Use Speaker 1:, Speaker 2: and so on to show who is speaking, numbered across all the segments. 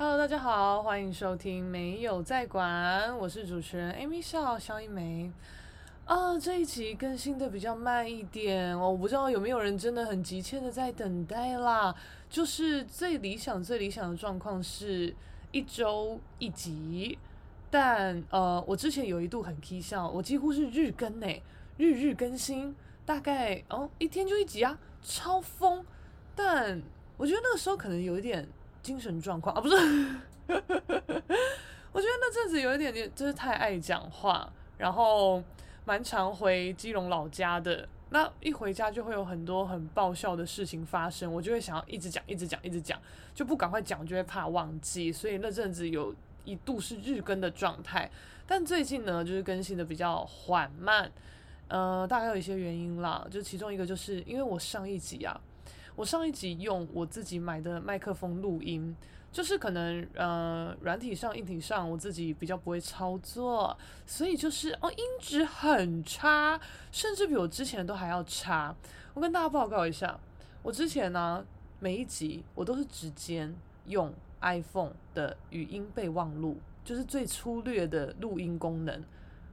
Speaker 1: 哈嘍，Hello, 大家好，歡迎收聽《沒有在管》，我是主持人 Amy 蕭、蕭逸玫。啊，這一集更新的比較慢一點，哦，我不知道有沒有人真的很急切的在等待啦。就是最理想、最理想的狀況是一周一集，但呃，我之前有一度很 K 笑，我幾乎是日更誒、欸，日日更新，大概哦一天就一集啊，超瘋。但我覺得那個時候可能有一點。精神狀況啊，不是， 我覺得那陣子有一點，就就是太愛講話，然後蠻常回基隆老家的。那一回家就會有很多很爆笑的事情發生，我就會想要一直講、一直講、一直講，就不趕快講就會怕忘記。所以那陣子有一度是日更的狀態，但最近呢，就是更新的比較緩慢，呃，大概有一些原因啦，就其中一個就是因為我上一集啊。我上一集用我自己買的麥克風錄音，就是可能呃軟體上、硬體上我自己比較不會操作，所以就是哦音質很差，甚至比我之前都還要差。我跟大家報告一下，我之前呢、啊、每一集我都是直接用 iPhone 的語音備忘錄，就是最粗略的錄音功能，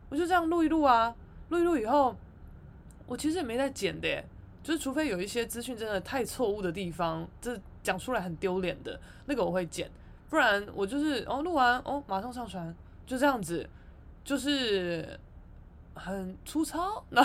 Speaker 1: 我就這樣錄一錄啊，錄一錄以後，我其實也沒在剪的耶。就是除非有一些資訊真的太錯誤的地方，這講出來很丟臉的那個我會剪，不然我就是哦錄完哦馬上上傳，就這樣子，就是很粗糙，那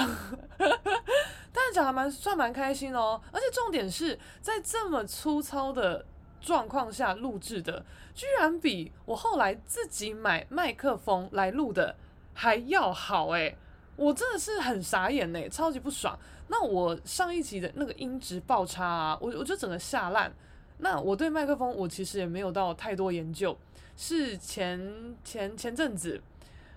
Speaker 1: 但講還蠻算蠻開心哦，而且重點是在這麼粗糙的狀況下錄製的，居然比我後來自己買麥克風來錄的還要好欸。我真的是很傻眼嘞、欸，超級不爽。那我上一期的那個音質爆差啊，我我就整個嚇爛。那我對麥克風我其實也沒有到太多研究，是前前前陣子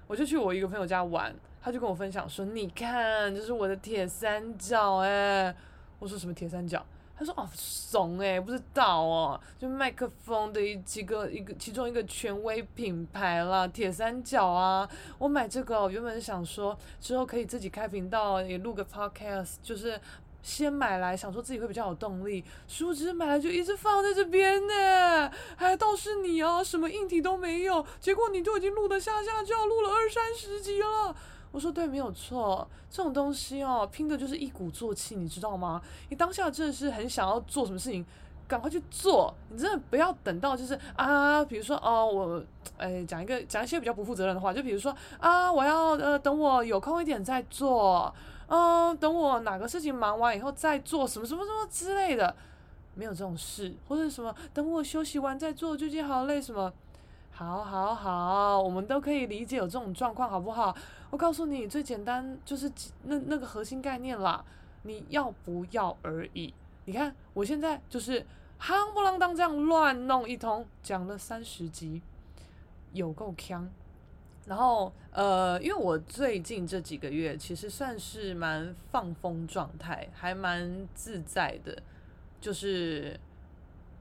Speaker 1: 我就去我一個朋友家玩，他就跟我分享說：“你看，這、就是我的鐵三角。”哎，我說什麼鐵三角？他說：“哦，慫誒、欸、不知道哦、啊，就麥克風的一幾個一個其中一個權威品牌啦，鐵三角啊。我買這個原本想說之後可以自己開頻道，也錄個 podcast，就是先買來想說自己會比較有動力。殊不知買來就一直放在這邊呢、欸，還、哎、倒是你啊，什麼硬體都沒有，結果你就已經錄的下下就要錄了二三十集了。”我說對，沒有錯，這種東西哦，拼的就是一鼓作氣，你知道嗎？你當下真的是很想要做什麼事情，趕快去做，你真的不要等到就是啊，比如說哦、啊，我欸講一個講一些比較不負責任的話，就比如說啊，我要呃等我有空一點再做，嗯、啊，等我哪個事情忙完以後再做什麼什麼什麼之類的，沒有這種事，或者什麼等我休息完再做，最近好累什麼。好，好，好，我們都可以理解有這種狀況，好不好？我告訴你，最簡單就是那那個核心概念啦。你要不要而已。你看，我現在就是夯不啷當這樣亂弄一通，講了三十集，有夠鏘。然後，呃，因為我最近這幾個月其實算是蠻放風狀態，還蠻自在的，就是。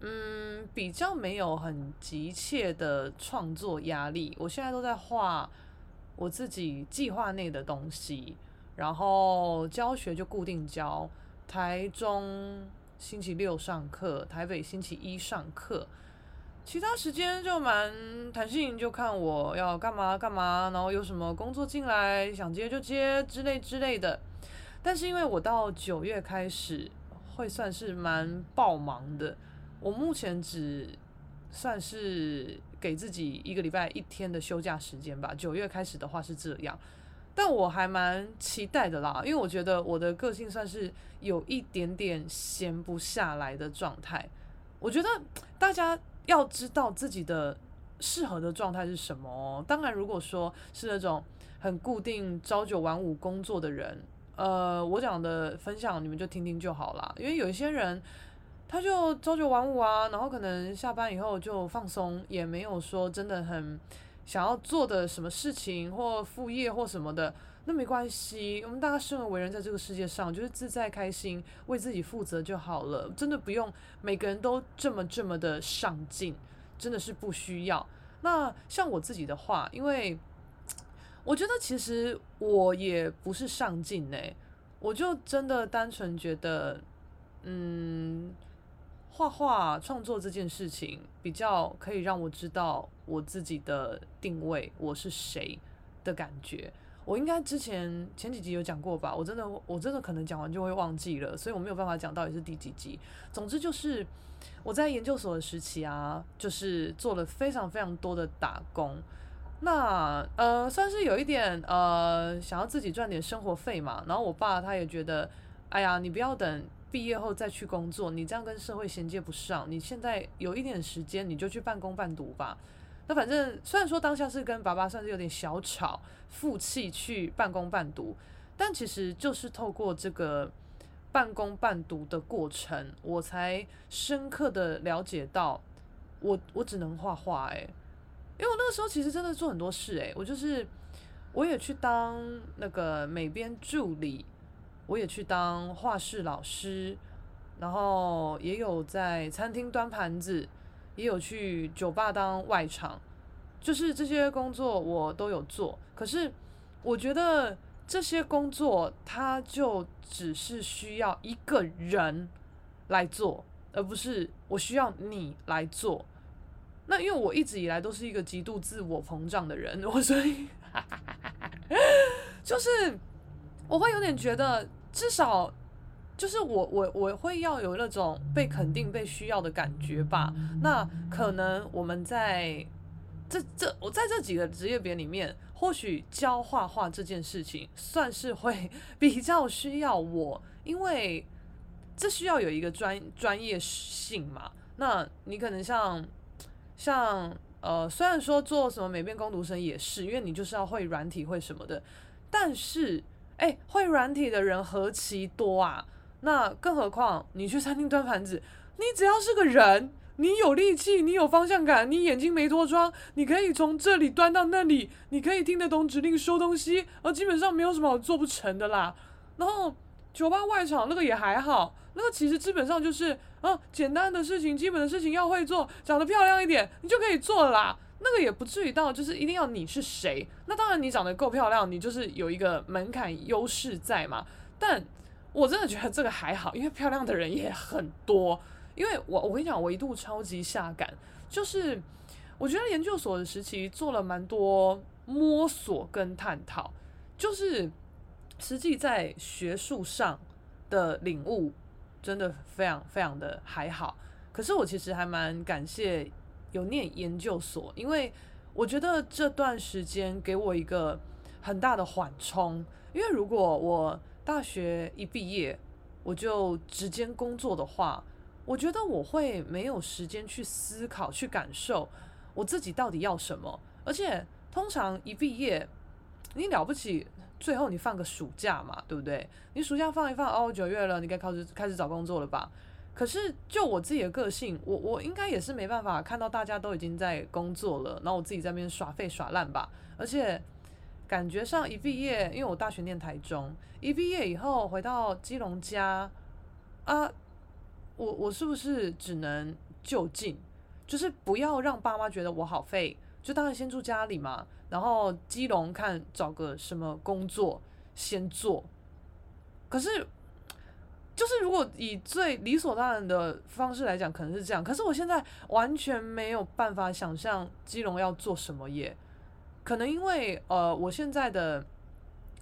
Speaker 1: 嗯，比較沒有很急切的創作壓力。我現在都在畫我自己計劃內的東西，然後教學就固定教，台中星期六上課，台北星期一上課，其他時間就蠻彈性，就看我要幹嘛幹嘛，然後有什麼工作進來，想接就接之類之類的。但是因為我到九月開始會算是蠻爆忙的。我目前只算是給自己一個禮拜一天的休假時間吧。九月開始的話是這樣，但我還蠻期待的啦，因為我覺得我的個性算是有一點點閒不下來的狀態。我覺得大家要知道自己的適合的狀態是什麼，哦。當然，如果說是那種很固定朝九晚五工作的人，呃，我講的分享你們就聽聽就好啦，因為有一些人。他就朝九晚五啊，然後可能下班以後就放鬆，也沒有說真的很想要做的什麼事情或副業或什麼的，那沒關係。我們大家生而為人在這個世界上，就是自在開心，為自己負責就好了。真的不用每個人都這麼這麼的上進，真的是不需要。那像我自己的話，因為我覺得其實我也不是上進呢、欸，我就真的單純覺得，嗯。畫畫創作這件事情比較可以讓我知道我自己的定位，我是誰的感覺。我應該之前前幾集有講過吧？我真的我真的可能講完就會忘記了，所以我沒有辦法講到底是第幾集。總之就是我在研究所的時期啊，就是做了非常非常多的打工。那呃，算是有一點呃，想要自己賺點生活費嘛。然後我爸他也覺得，哎呀，你不要等。畢業後再去工作，你這樣跟社會銜接不上。你現在有一點時間，你就去半工半讀吧。那反正雖然說當下是跟爸爸算是有點小吵，負氣去半工半讀，但其實就是透過這個半工半讀的過程，我才深刻的了解到我，我我只能畫畫、欸，哎、欸，因為我那個時候其實真的做很多事、欸，哎，我就是我也去當那個美編助理。我也去當畫室老師，然後也有在餐廳端盤子，也有去酒吧當外場，就是這些工作我都有做。可是我覺得這些工作它就只是需要一個人來做，而不是我需要你來做。那因為我一直以來都是一個極度自我膨脹的人，我所以 就是。我會有點覺得，至少就是我我我會要有那種被肯定、被需要的感覺吧。那可能我們在這這我在這幾個職業別裡面，或許教畫畫這件事情算是會比較需要我，因為這需要有一個專專業性嘛。那你可能像像呃，雖然說做什麼美編、工讀生也是，因為你就是要會軟體會什麼的，但是。哎，會軟體的人何其多啊！那更何況你去餐廳端盤子，你只要是個人，你有力氣，你有方向感，你眼睛沒脫窗，你可以從這裡端到那裡，你可以聽得懂指令收東西，而、啊、基本上沒有什麼做不成的啦。然後酒吧外場那個也還好，那個其實基本上就是啊、嗯，簡單的事情，基本的事情要會做，長得漂亮一點，你就可以做了啦。那個也不至於到，就是一定要你是誰？那當然，你長得夠漂亮，你就是有一個門檻優勢在嘛。但我真的覺得這個還好，因為漂亮的人也很多。因為我我跟你講，我一度超級下感，就是我覺得研究所的時期做了蠻多摸索跟探討，就是實際在學術上的領悟真的非常非常的還好。可是我其實還蠻感謝。有念研究所，因為我覺得這段時間給我一個很大的緩衝。因為如果我大學一畢業我就直接工作的話，我覺得我會沒有時間去思考、去感受我自己到底要什麼。而且通常一畢業，你了不起，最後你放個暑假嘛，對不對？你暑假放一放，哦，九月了，你該開始開始找工作了吧？可是，就我自己的個性，我我應該也是沒辦法看到大家都已經在工作了，然後我自己在那邊耍廢耍爛吧。而且，感覺上一畢業，因為我大學念台中，一畢業以後回到基隆家，啊，我我是不是只能就近？就是不要讓爸媽覺得我好廢，就當然先住家裡嘛，然後基隆看找個什麼工作先做。可是。就是如果以最理所當然的方式來講，可能是這樣。可是我現在完全沒有辦法想象基隆要做什麼業，也可能因為呃，我現在的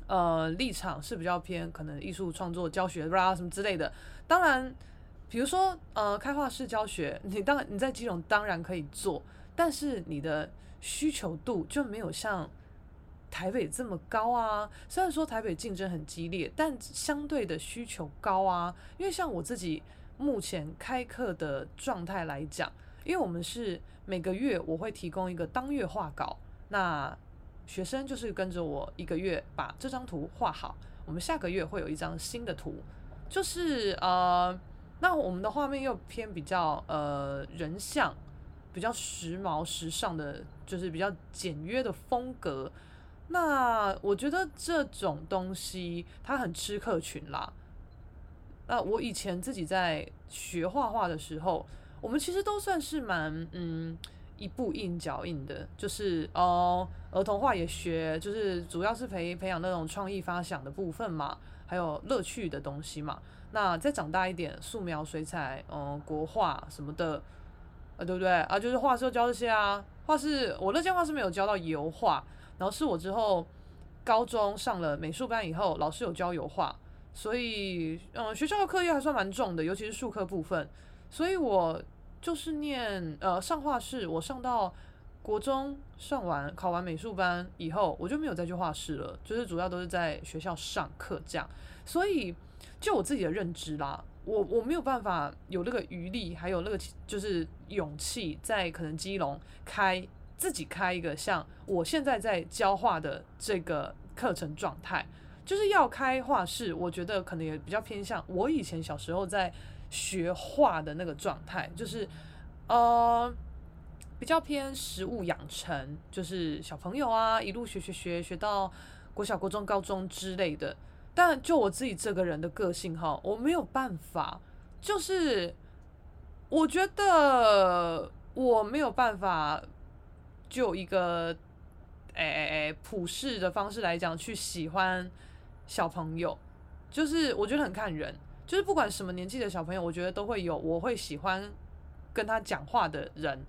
Speaker 1: 呃立場是比較偏可能藝術創作教學啦什麼之類的。當然，比如說呃開畫室教學，你當然你在基隆當然可以做，但是你的需求度就沒有像。台北這麼高啊，雖然說台北競爭很激烈，但相對的需求高啊。因為像我自己目前開課的狀態來講，因為我們是每個月我會提供一個當月畫稿，那學生就是跟着我一個月把這張圖畫好。我們下個月會有一張新的圖，就是呃，那我們的畫面又偏比較呃人像，比較時髦時尚的，就是比較簡約的風格。那我覺得這種東西它很吃客群啦。那我以前自己在學畫畫的時候，我們其實都算是蠻嗯一步一腳印的，就是哦兒童畫也學，就是主要是培培養那種創意發想的部分嘛，還有樂趣的東西嘛。那再長大一點，素描、水彩、嗯國畫什麼的，啊對不對？啊就是畫室教這些啊，畫室我那些畫室沒有教到油畫。然後是我之後高中上了美術班以後，老師有教油畫，所以嗯，學校的課業還算蠻重的，尤其是術科部分。所以我就是念呃上畫室，我上到國中上完考完美術班以後，我就沒有再去畫室了，就是主要都是在學校上課這樣。所以就我自己的認知啦，我我沒有辦法有那個餘力，還有那個就是勇氣，在可能基隆開。自己開一個像我現在在教畫的這個課程狀態，就是要開畫室。我覺得可能也比較偏向我以前小時候在學畫的那個狀態，就是呃比較偏實物養成，就是小朋友啊一路學學學學學到國小、國中、高中之類的。但就我自己這個人的個性哈，我沒有辦法，就是我覺得我沒有辦法。就有一個誒、欸，普世的方式來講，去喜歡小朋友，就是我覺得很看人，就是不管什麼年紀的小朋友，我覺得都會有，我會喜歡跟他講話的人。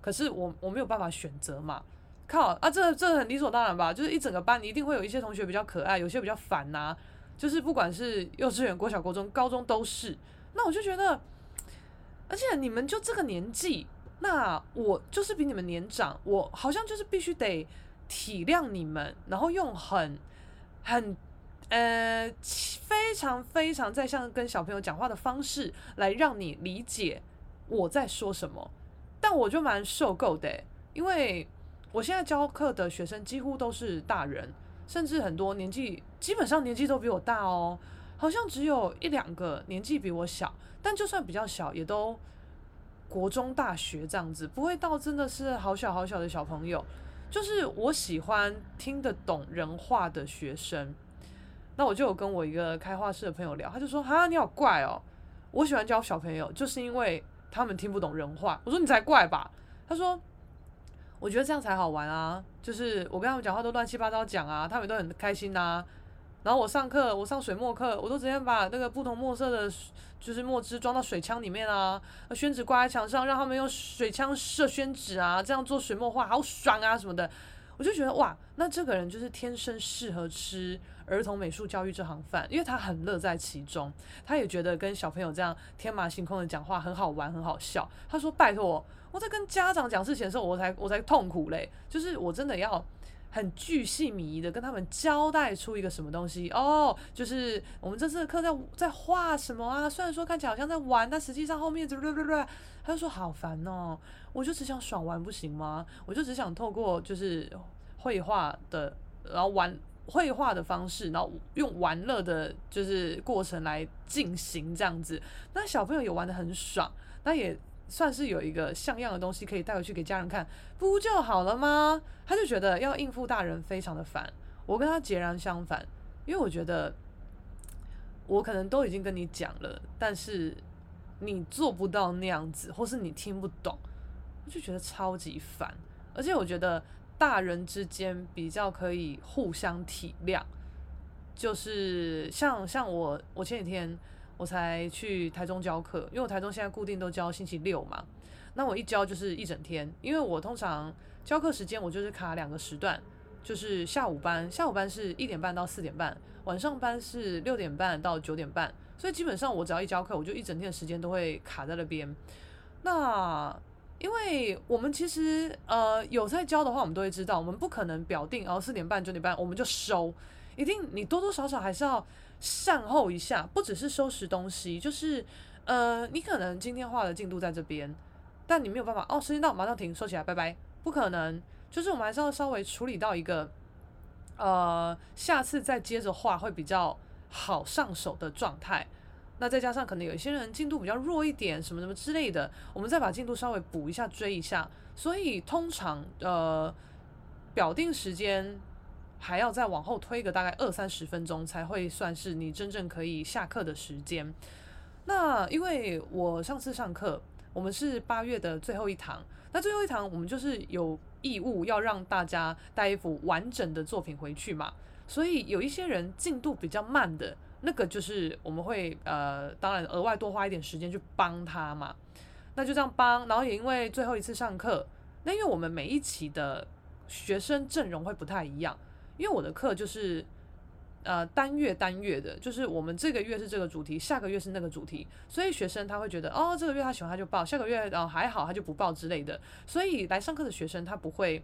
Speaker 1: 可是我我沒有辦法選擇嘛，靠啊，這這很理所當然吧？就是一整個班一定會有一些同學比較可愛，有些比較煩吶、啊。就是不管是幼稚園、國小、國中、高中都是。那我就覺得，而且你們就這個年紀。那我就是比你們年長，我好像就是必須得體諒你們，然後用很很，呃，非常非常在像跟小朋友講話的方式來讓你理解我在說什麼。但我就蠻受夠的，因為我現在教課的學生幾乎都是大人，甚至很多年紀基本上年紀都比我大哦，好像只有一兩個年紀比我小，但就算比較小也都。國中、大學這樣子，不會到真的是好小好小的小朋友，就是我喜歡聽得懂人話的學生。那我就有跟我一個開畫室的朋友聊，他就說：哈，你好怪哦、喔，我喜歡教小朋友，就是因為他們聽不懂人話。我說你才怪吧，他說我覺得這樣才好玩啊，就是我跟他們講話都亂七八糟講啊，他們都很開心吶、啊。然後我上課，我上水墨課，我都直接把那個不同墨色的，就是墨汁裝到水槍裡面啊，宣紙掛在牆上，讓他們用水槍射宣紙啊，這樣做水墨畫好爽啊什麼的，我就覺得哇，那這個人就是天生適合吃兒童美術教育這行飯，因為他很樂在其中，他也覺得跟小朋友這樣天馬行空的講話很好玩，很好笑。他說：“拜托，我在跟家長講事情的時候，我才我才痛苦嘞，就是我真的要。”很巨細靡遺的跟他們交代出一個什麼東西哦，oh, 就是我們這次的課在在畫什麼啊？雖然說看起來好像在玩，但實際上後面就略略略。他就說好煩哦、喔，我就只想爽玩不行嗎？我就只想透過就是繪畫的，然後玩繪畫的方式，然後用玩樂的，就是過程來進行這樣子。那小朋友也玩得很爽，那也。算是有一個像樣的東西可以帶回去給家人看，不就好了嗎？他就覺得要應付大人非常的煩。我跟他截然相反，因為我覺得我可能都已經跟你講了，但是你做不到那樣子，或是你聽不懂，我就覺得超級煩。而且我覺得大人之間比較可以互相體諒，就是像像我，我前幾天。我才去台中教課，因為我台中現在固定都教星期六嘛，那我一教就是一整天，因為我通常教課時間我就是卡兩個時段，就是下午班，下午班是一點半到四點半，晚上班是六點半到九點半，所以基本上我只要一教課，我就一整天的時間都會卡在那邊。那因為我們其實呃有在教的話，我們都會知道，我們不可能表定然後四點半九點半我們就收，一定你多多少少還是要。善後一下，不只是收拾東西，就是，呃，你可能今天畫的進度在這邊，但你沒有辦法哦，時間到馬上停，收起來，拜拜，不可能。就是我們還是要稍微處理到一個，呃，下次再接着畫會比較好上手的狀態。那再加上可能有一些人進度比較弱一點，什麼什麼之類的，我們再把進度稍微補一下，追一下。所以通常，呃，表定時間。還要再往後推個大概二三十分鐘，才會算是你真正可以下課的時間。那因為我上次上課，我們是八月的最後一堂，那最後一堂我們就是有義務要讓大家帶一幅完整的作品回去嘛。所以有一些人進度比較慢的，那個就是我們會呃，當然額外多花一點時間去幫他嘛。那就這樣幫，然後也因為最後一次上課，那因為我們每一期的學生陣容會不太一樣。因為我的課就是，呃，單月單月的，就是我們這個月是這個主題，下個月是那個主題，所以學生他會覺得，哦，這個月他喜歡他就報，下個月啊、呃、還好他就不報之類的，所以來上課的學生他不會，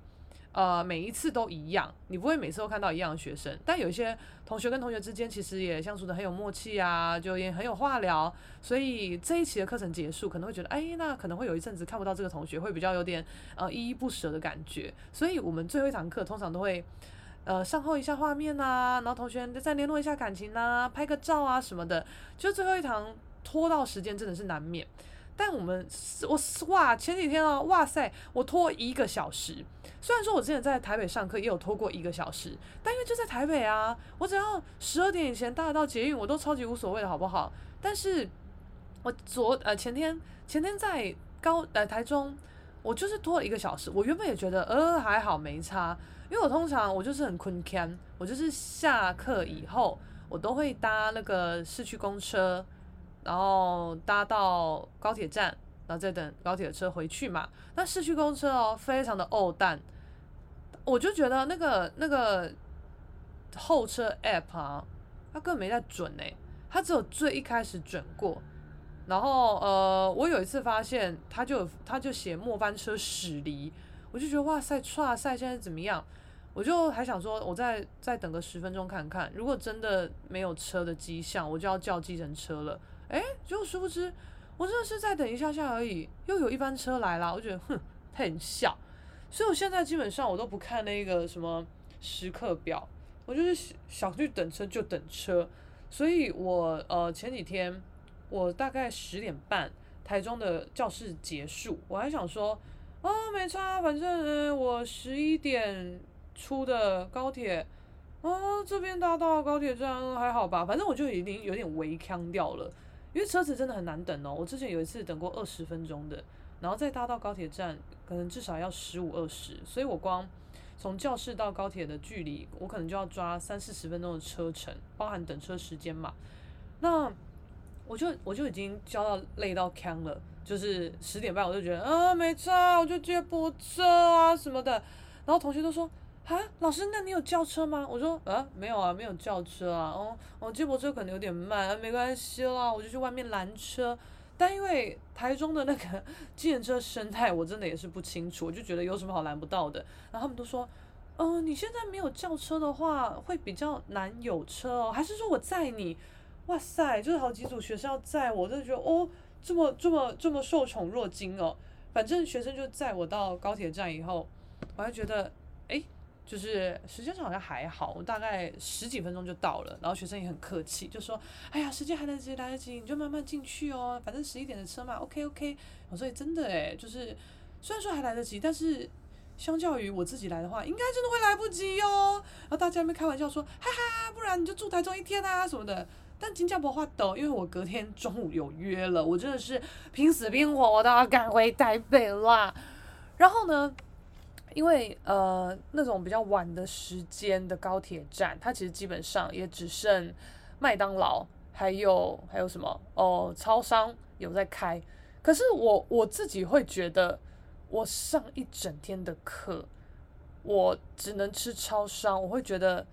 Speaker 1: 呃，每一次都一樣，你不會每次都看到一樣的學生，但有一些同學跟同學之間其實也相處得很有默契啊，就也很有話聊，所以這一期的課程結束可能會覺得，哎，那可能會有一陣子看不到這個同學，會比較有點呃依依不捨的感覺，所以我們最後一堂課通常都會。呃，善後一下畫面吶、啊，然後同學再聯絡一下感情吶、啊，拍個照啊什麼的，就最後一堂拖到時間真的是難免。但我們我哇前幾天啊，哇塞，我拖一個小時。雖然說我之前在台北上課也有拖過一個小時，但因為就在台北啊，我只要十二點以前大家到捷運，我都超級無所謂的好不好？但是，我昨呃前天前天在高呃台中，我就是拖了一個小時。我原本也覺得呃還好，沒差。因為我通常我就是很困 u c n 我就是下課以後我都會搭那個市區公車，然後搭到高鐵站，然後再等高鐵車回去嘛。但市區公車哦，非常的歐但，我就覺得那個那個候車 app 啊，它根本沒在準哎、欸，它只有最一開始準過，然後呃，我有一次發現它，它就它就寫末班車駛離。我就覺得哇塞，唰賽現在怎麼樣？我就還想說，我再再等個十分鐘看看，如果真的沒有車的跡象，我就要叫計程車了。哎、欸，結果殊不知，我真的是再等一下下而已，又有一班車來啦，我覺得，哼，很笑。所以我現在基本上我都不看那個什麼時刻表，我就是想去等車就等車。所以我呃前幾天，我大概十點半台中的教室結束，我還想說。啊、哦，沒差，反正，呃、我十一點出的高鐵，哦，這邊搭到高鐵站還好吧？反正我就已經有點微鏘掉了，因為車子真的很難等哦。我之前有一次等過二十分鐘的，然後再搭到高鐵站，可能至少要十五二十，所以我光從教室到高鐵的距離，我可能就要抓三四十分鐘的車程，包含等車時間嘛。那我就我就已經焦到累到鏘了。就是十點半，我就覺得嗯、啊，沒差，我就接駁車啊什麼的。然後同學都說啊，老師，那你有叫車嗎？我說啊，沒有啊，沒有叫車啊。哦，我接駁車可能有點慢，啊、沒關係啦，我就去外面攔車。但因為台中的那個計程車生態，我真的也是不清楚，我就覺得有什麼好攔不到的。然後他們都說，嗯、呃，你現在沒有叫車的話，會比較難有車哦。還是說我載你？哇塞，就是好幾組學生要載我，我就覺得哦。這麼這麼這麼受寵若驚哦！反正學生就載我到高鐵站以後，我還覺得，哎、欸，就是時間上好像還好，我大概十幾分鐘就到了。然後學生也很客氣，就說，哎呀，時間還來得及來得及，你就慢慢進去哦。反正十一點的車嘛，OK OK。我說真的哎、欸，就是雖然說還來得及，但是相較於我自己來的話，應該真的會來不及哦。然後大家還開玩笑說，哈哈，不然你就住台中一天啊什麼的。但新加坡話都，因為我隔天中午有約了，我真的是拼死拼活我都要趕回台北啦。然後呢，因為呃那種比較晚的時間的高鐵站，它其實基本上也只剩麥當勞，還有還有什麼哦、呃，超商有在開。可是我我自己會覺得，我上一整天的課，我只能吃超商，我會覺得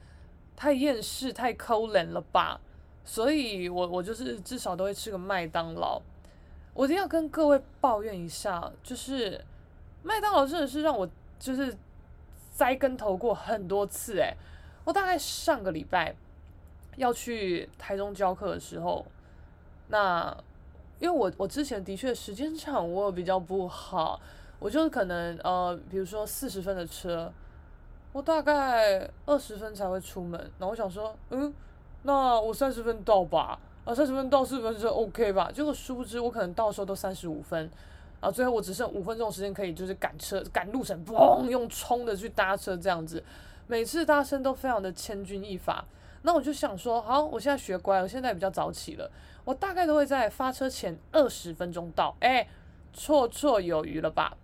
Speaker 1: 太厭世，太摳冷了吧。所以我，我我就是至少都會吃個麥當勞。我一定要跟各位抱怨一下，就是麥當勞真的是讓我就是栽跟頭過很多次哎、欸。我大概上個禮拜要去台中教課的時候，那因為我我之前的確時間掌握，我比較不好，我就可能呃，比如說四十分的車，我大概二十分才會出門，然後我想說，嗯。那我三十分到吧，啊，三十分到四十分鐘 OK 吧。結果殊不知我可能到時候都三十五分，啊，最後我只剩五分鐘時間可以就是趕車趕路程，嘣，用衝的去搭車這樣子，每次搭車都非常的千鈞一髮。那我就想說，好，我現在學乖，我現在也比較早起了，我大概都會在發車前二十分鐘到，哎、欸，綽綽有餘了吧？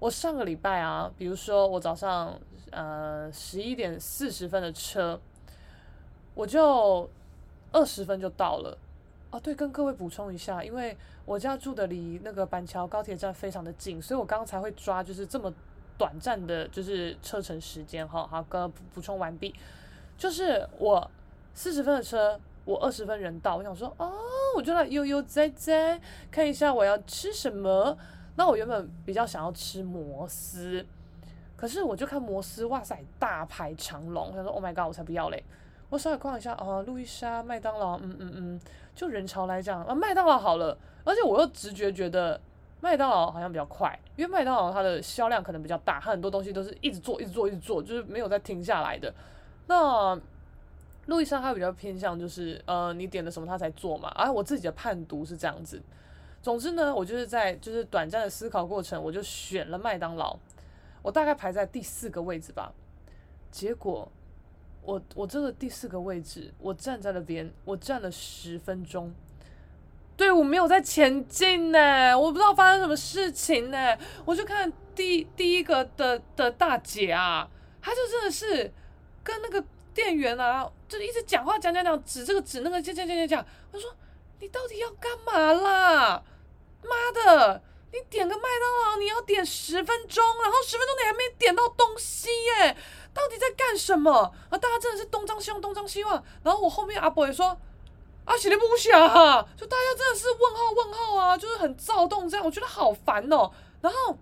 Speaker 1: 我上個禮拜啊，比如說我早上呃十一點四十分的車。我就二十分就到了，哦，對，跟各位補充一下，因為我家住的離那個板橋高鐵站非常的近，所以我剛才會抓就是這麼短暫的，就是車程時間，好好，剛剛補補充完畢，就是我四十分的車，我二十分人到，我想說，哦，我就來悠悠哉哉看一下我要吃什麼，那我原本比較想要吃摩斯，可是，我就看摩斯，哇塞，大排長龍，我想說，Oh my god，我才不要嘞。我稍微逛一下啊，路易莎、麥當勞，嗯嗯嗯，就人潮來講啊，麥當勞好了，而且我又直覺覺得麥當勞好像比較快，因為麥當勞它的銷量可能比較大，它很多東西都是一直做，一直做、一直做、一直做，就是沒有再停下來的。那路易莎它比較偏向就是，呃，你點了什麼它才做嘛，而、啊、我自己的判讀是這樣子。總之呢，我就是在就是短暫的思考過程，我就選了麥當勞，我大概排在第四個位置吧，結果。我我真的第四個位置，我站在那邊，我站了十分鐘，對，我沒有在前進呢，我不知道發生什麼事情呢。我就看第第一個的的大姐啊，她就真的是跟那個店員啊，就一直講話講講講，指這個指那個，講講講講講。我說，你到底要幹嘛啦？媽的，你點個麥當勞你要點十分鐘，然後十分鐘你還沒點到東西耶。到底在幹什麼？啊，大家真的是東張西望，東張西望。然後我後面阿伯也說：“啊，寫得不行啊？”就大家真的是問號，問號啊，就是很躁動這樣。我覺得好煩哦、喔。然後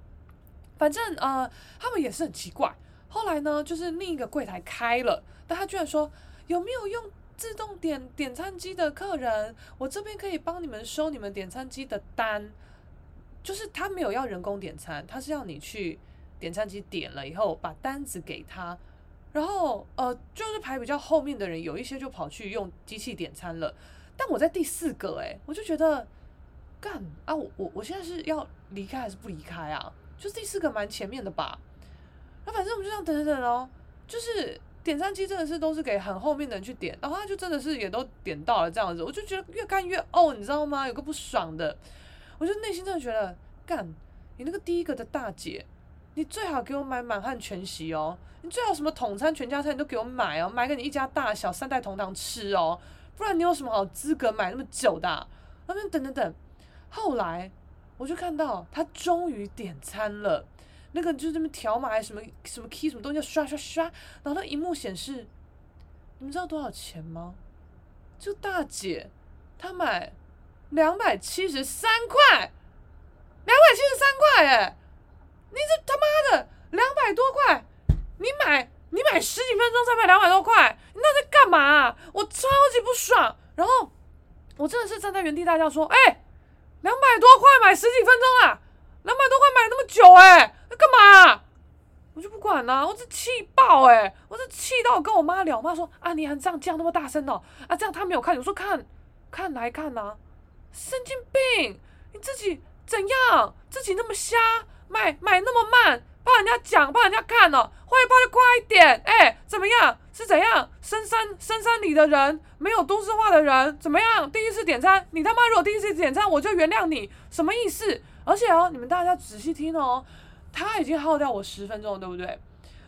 Speaker 1: 反正呃，他們也是很奇怪。後來呢，就是另一個櫃檯開了，但他居然說：“有沒有用自動點點餐機的客人？我這邊可以幫你們收你們點餐機的單。”就是他沒有要人工點餐，他是要你去。點餐機點了以後，把單子給他，然後呃，就是排比較後面的人，有一些就跑去用機器點餐了。但我在第四個哎、欸，我就覺得幹啊，我我我現在是要離開還是不離開啊？就是第四個蠻前面的吧。那反正我們就這樣等等等、喔、哦。就是點餐機真的是都是給很後面的人去點，然後他就真的是也都點到了這樣子。我就覺得越幹越哦，你知道嗎？有個不爽的，我就內心真的覺得幹你那個第一個的大姐。你最好給我買滿漢全席哦！你最好什麼桶餐、全家菜你都給我買哦，買給你一家大小三代同堂吃哦，不然你有什麼好資格買那麼久的，啊？那邊等等等，後來我就看到他終於點餐了，那個就是那條碼還是什麼什麼 key 什麼東西，刷刷刷，然後那螢幕顯示，你們知道多少錢嗎？就大姐她買兩百七十三塊，兩百七十三塊誒你這他媽的兩百多塊，你買你買十幾分鐘才買兩百多塊，你到底在幹嘛、啊？我超級不爽，然後我真的是站在原地大叫說：“哎、欸，兩百多塊買十幾分鐘啊！兩百多塊買那麼久哎、欸，那幹嘛、啊？”我就不管了，我是氣爆哎、欸，我是氣到我跟我媽聊，我媽說：“啊，你還這樣叫那麼大聲哦？啊，這樣他沒有看，有時候看看來看呢、啊，神經病，你自己怎樣？自己那麼瞎。”買買那麼慢，怕人家講，怕人家看了、喔，會者怕你快一點，哎、欸，怎麼樣？是怎樣？深山深山裡的人，沒有都市化的人，怎麼樣？第一次點餐，你他媽如果第一次點餐，我就原諒你，什麼意思？而且哦、喔，你們大家仔細聽哦、喔，他已經耗掉我十分鐘了，對不對？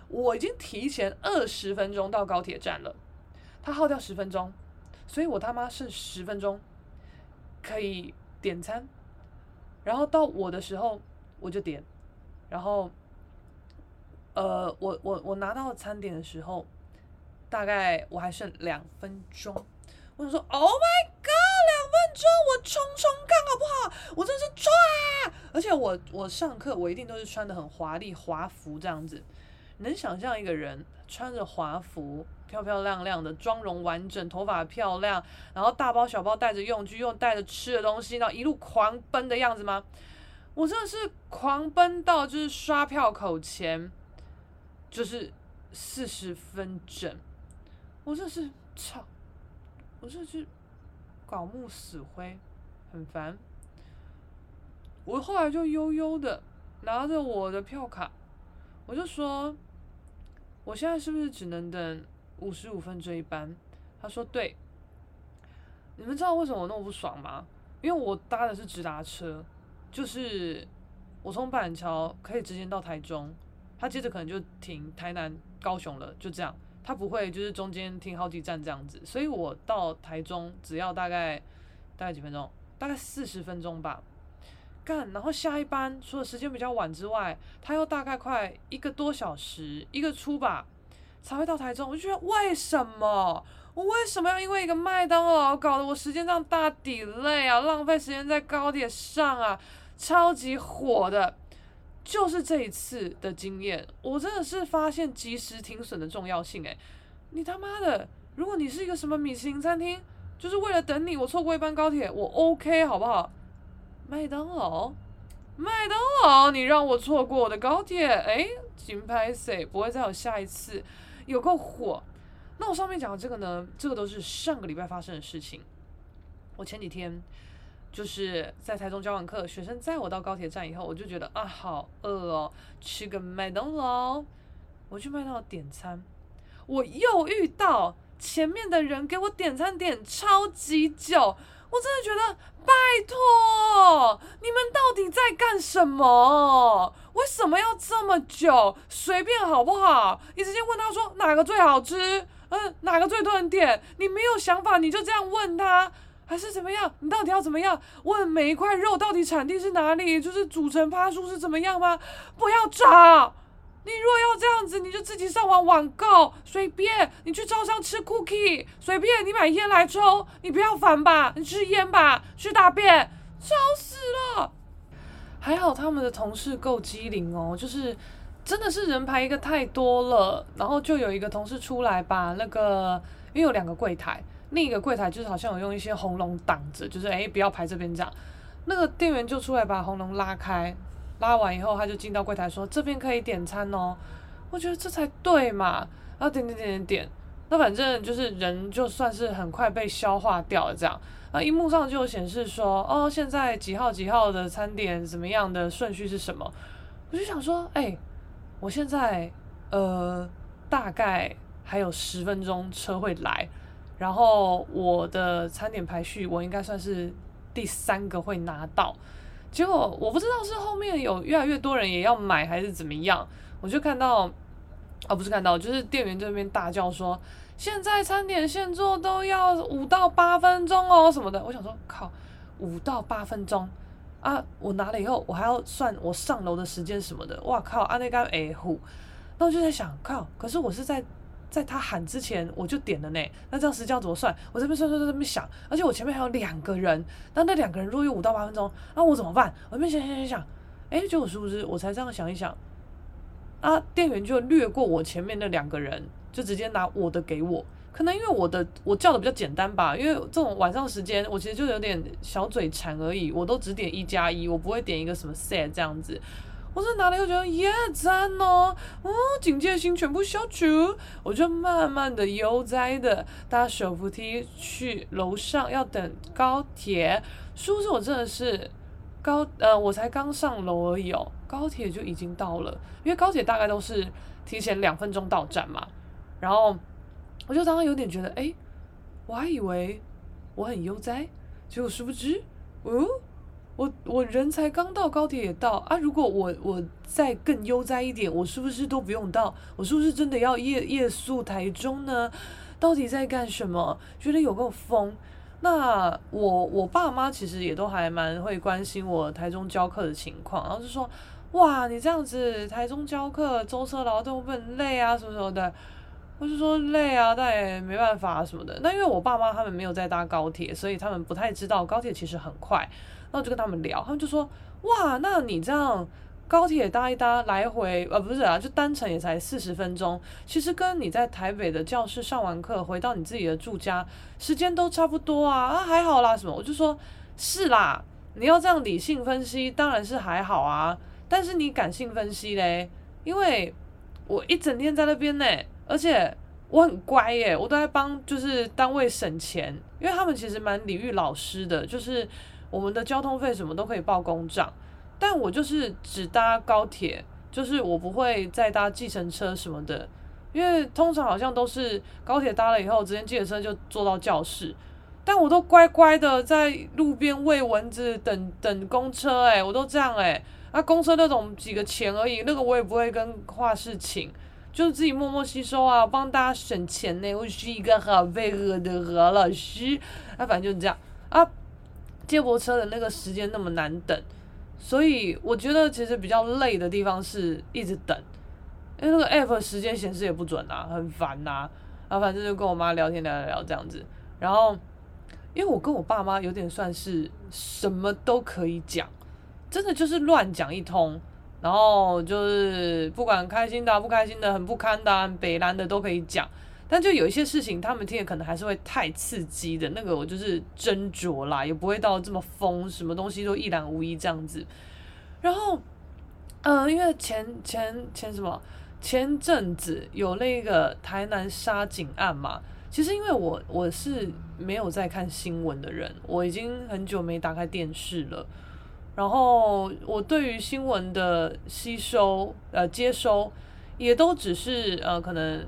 Speaker 1: 我已經提前二十分鐘到高鐵站了，他耗掉十分鐘，所以我他媽剩十分鐘可以點餐，然後到我的時候。我就點，然後，呃，我我我拿到餐點的時候，大概我還剩兩分鐘，我想說，Oh my God，兩分鐘，我衝衝看好不好？我真是抓啊！而且我我上課我一定都是穿得很華麗華服這樣子，你能想象一個人穿着華服、漂漂亮亮的，妝容完整，頭髮漂亮，然後大包小包帶着用具又帶着吃的東西，然後一路狂奔的樣子嗎？我真的是狂奔到就是刷票口前，就是四十分整，我真的是操！我真的是不槁木死灰，很煩。我後來就悠悠的拿着我的票卡，我就說，我現在是不是只能等五十五分這一班？他說對。你們知道為什麼我那麼不爽嗎？因為我搭的是直達車。就是我從板橋可以直接到台中，他接着可能就停台南、高雄了，就這樣，他不會就是中間停好幾站這樣子。所以我到台中只要大概大概幾分鐘，大概四十分鐘吧。幹，然後下一班除了時間比較晚之外，他又大概快一個多小時一個出吧才會到台中。我就覺得為什麼我為什麼要因為一個麥當勞搞得我時間這樣大 delay 啊，浪費時間在高鐵上啊。超級火的，就是這一次的經驗，我真的是發現及時停損的重要性誒、欸，你他媽的，如果你是一個什麼米其林餐廳，就是為了等你，我錯過一班高鐵，我 OK 好不好？麥當勞，麥當勞，你讓我錯過我的高鐵，哎、欸，金拍謝，不會再有下一次，有夠火！那我上面講的這個呢？這個都是上個禮拜發生的事情，我前幾天。就是在台中教完課，學生載我到高鐵站以後，我就覺得啊，好餓哦，吃個麥當勞。我去麥當勞點餐，我又遇到前面的人給我點餐點超級久，我真的覺得拜託，你們到底在幹什麼？為什麼要這麼久？隨便好不好？你直接問他說哪個最好吃？嗯，哪個最多人點？你沒有想法，你就這樣問他。還是怎麼樣？你到底要怎麼樣？問每一塊肉到底產地是哪裡？就是組成、趴數是怎麼樣嗎？不要找！你如果要這樣子，你就自己上網網購，隨便你去超商吃 cookie，隨便你買煙來抽，你不要煩吧？你吃煙吧，去大便，笑死了！還好他們的同事夠機靈哦，就是真的是人排一個太多了，然後就有一個同事出來把那個，因為有兩個櫃台。另一個櫃檯就是好像有用一些紅龍擋着，就是哎、欸、不要排這邊這樣，那個店員就出來把紅龍拉開，拉完以後他就進到櫃檯說這邊可以點餐哦、喔，我覺得這才對嘛，啊點點點點點，那反正就是人就算是很快被消化掉了這樣，那熒幕上就有顯示說哦現在幾號幾號的餐點怎麼樣的順序是什麼，我就想說哎、欸、我現在呃大概還有十分鐘車會來。然後我的餐點排序，我應該算是第三個會拿到。結果我不知道是後面有越來越多人也要買，還是怎麼樣。我就看到、哦，啊不是看到，就是店員這邊大叫說：“現在餐點現做都要五到八分鐘哦，什麼的。”我想說，靠，五到八分鐘啊！我拿了以後，我還要算我上樓的時間什麼的。哇靠，阿內甘誒呼，那我就在想，靠，可是我是在。在他喊之前，我就點了呢。那這樣時間怎麼算？我這邊算算就在這邊想，而且我前面還有兩個人。那那兩個人若有五到八分鐘，那我怎麼辦？我這邊想想想想，哎、欸，就我是不是我才這樣想一想。啊，店員就略過我前面那兩個人，就直接拿我的給我。可能因為我的我叫的比較簡單吧，因為這種晚上時間，我其實就有點小嘴饞而已。我都只點一加一，1, 我不會點一個什麼 set 這樣子。我在哪裡又覺得耶、yeah, 讚、right. 哦，哦警戒心全部消除，我就慢慢的悠哉的搭手扶梯去樓上，要等高鐵，殊不知我真的是高呃，我才剛上樓而已哦，高鐵就已經到了，因為高鐵大概都是提前兩分鐘到站嘛，然後我就當時有點覺得，哎、欸，我還以為我很悠哉，結果殊不知哦。我我人才剛到高鐵也到啊！如果我我再更悠哉一點，我是不是都不用到？我是不是真的要夜夜宿台中呢？到底在幹什麼？覺得有個風。那我我爸媽其實也都還蠻會關心我台中教課的情況，然後就說：哇，你這樣子台中教課舟車勞頓，會不會很累啊，什麼什麼的。我就說累啊，但也沒辦法啊，什麼的。那因為我爸媽他們沒有在搭高鐵，所以他們不太知道高鐵其實很快。然後我就跟他們聊，他們就說：“哇，那你這樣高鐵搭一搭來回，呃、啊，不是啊，就單程也才四十分鐘，其實跟你在台北的教室上完課回到你自己的住家，時間都差不多啊啊，還好啦。”什麼？我就說：“是啦，你要這樣理性分析，當然是還好啊。但是你感性分析嘞，因為我一整天在那邊呢、欸，而且我很乖耶、欸，我都在幫就是單位省錢，因為他們其實蠻禮遇老師的，就是。”我們的交通費什麼都可以報公賬，但我就是只搭高鐵，就是我不會再搭計程車什麼的，因為通常好像都是高鐵搭了以後直接計程車就坐到教室，但我都乖乖的在路邊餵蚊子等等公車、欸，誒，我都這樣誒、欸、啊，公車那種幾個錢而已，那個我也不會跟畫室請，就是自己默默吸收啊，幫大家省錢呢、欸，我是一個好配合的好老師，啊，反正就是這樣，啊。接駁車的那個時間那麼難等，所以我覺得其實比較累的地方是一直等，因為那個 app 時間顯示也不準啊，很煩啊。啊，反正就跟我媽聊天聊聊這樣子。然後，因為我跟我爸媽有點算是什麼都可以講，真的就是亂講一通，然後就是不管開心的、啊、不開心的，很不堪的、啊、很北南北爛的都可以講。但就有一些事情，他們聽的可能還是會太刺激的。那個我就是斟酌啦，也不會到這麼瘋，什麼東西都一覽無遺這樣子。然後，呃，因為前前前什麼前陣子有那個台南殺警案嘛，其實因為我我是沒有在看新聞的人，我已經很久沒打開電視了。然後我對於新聞的吸收呃接收，也都只是呃可能。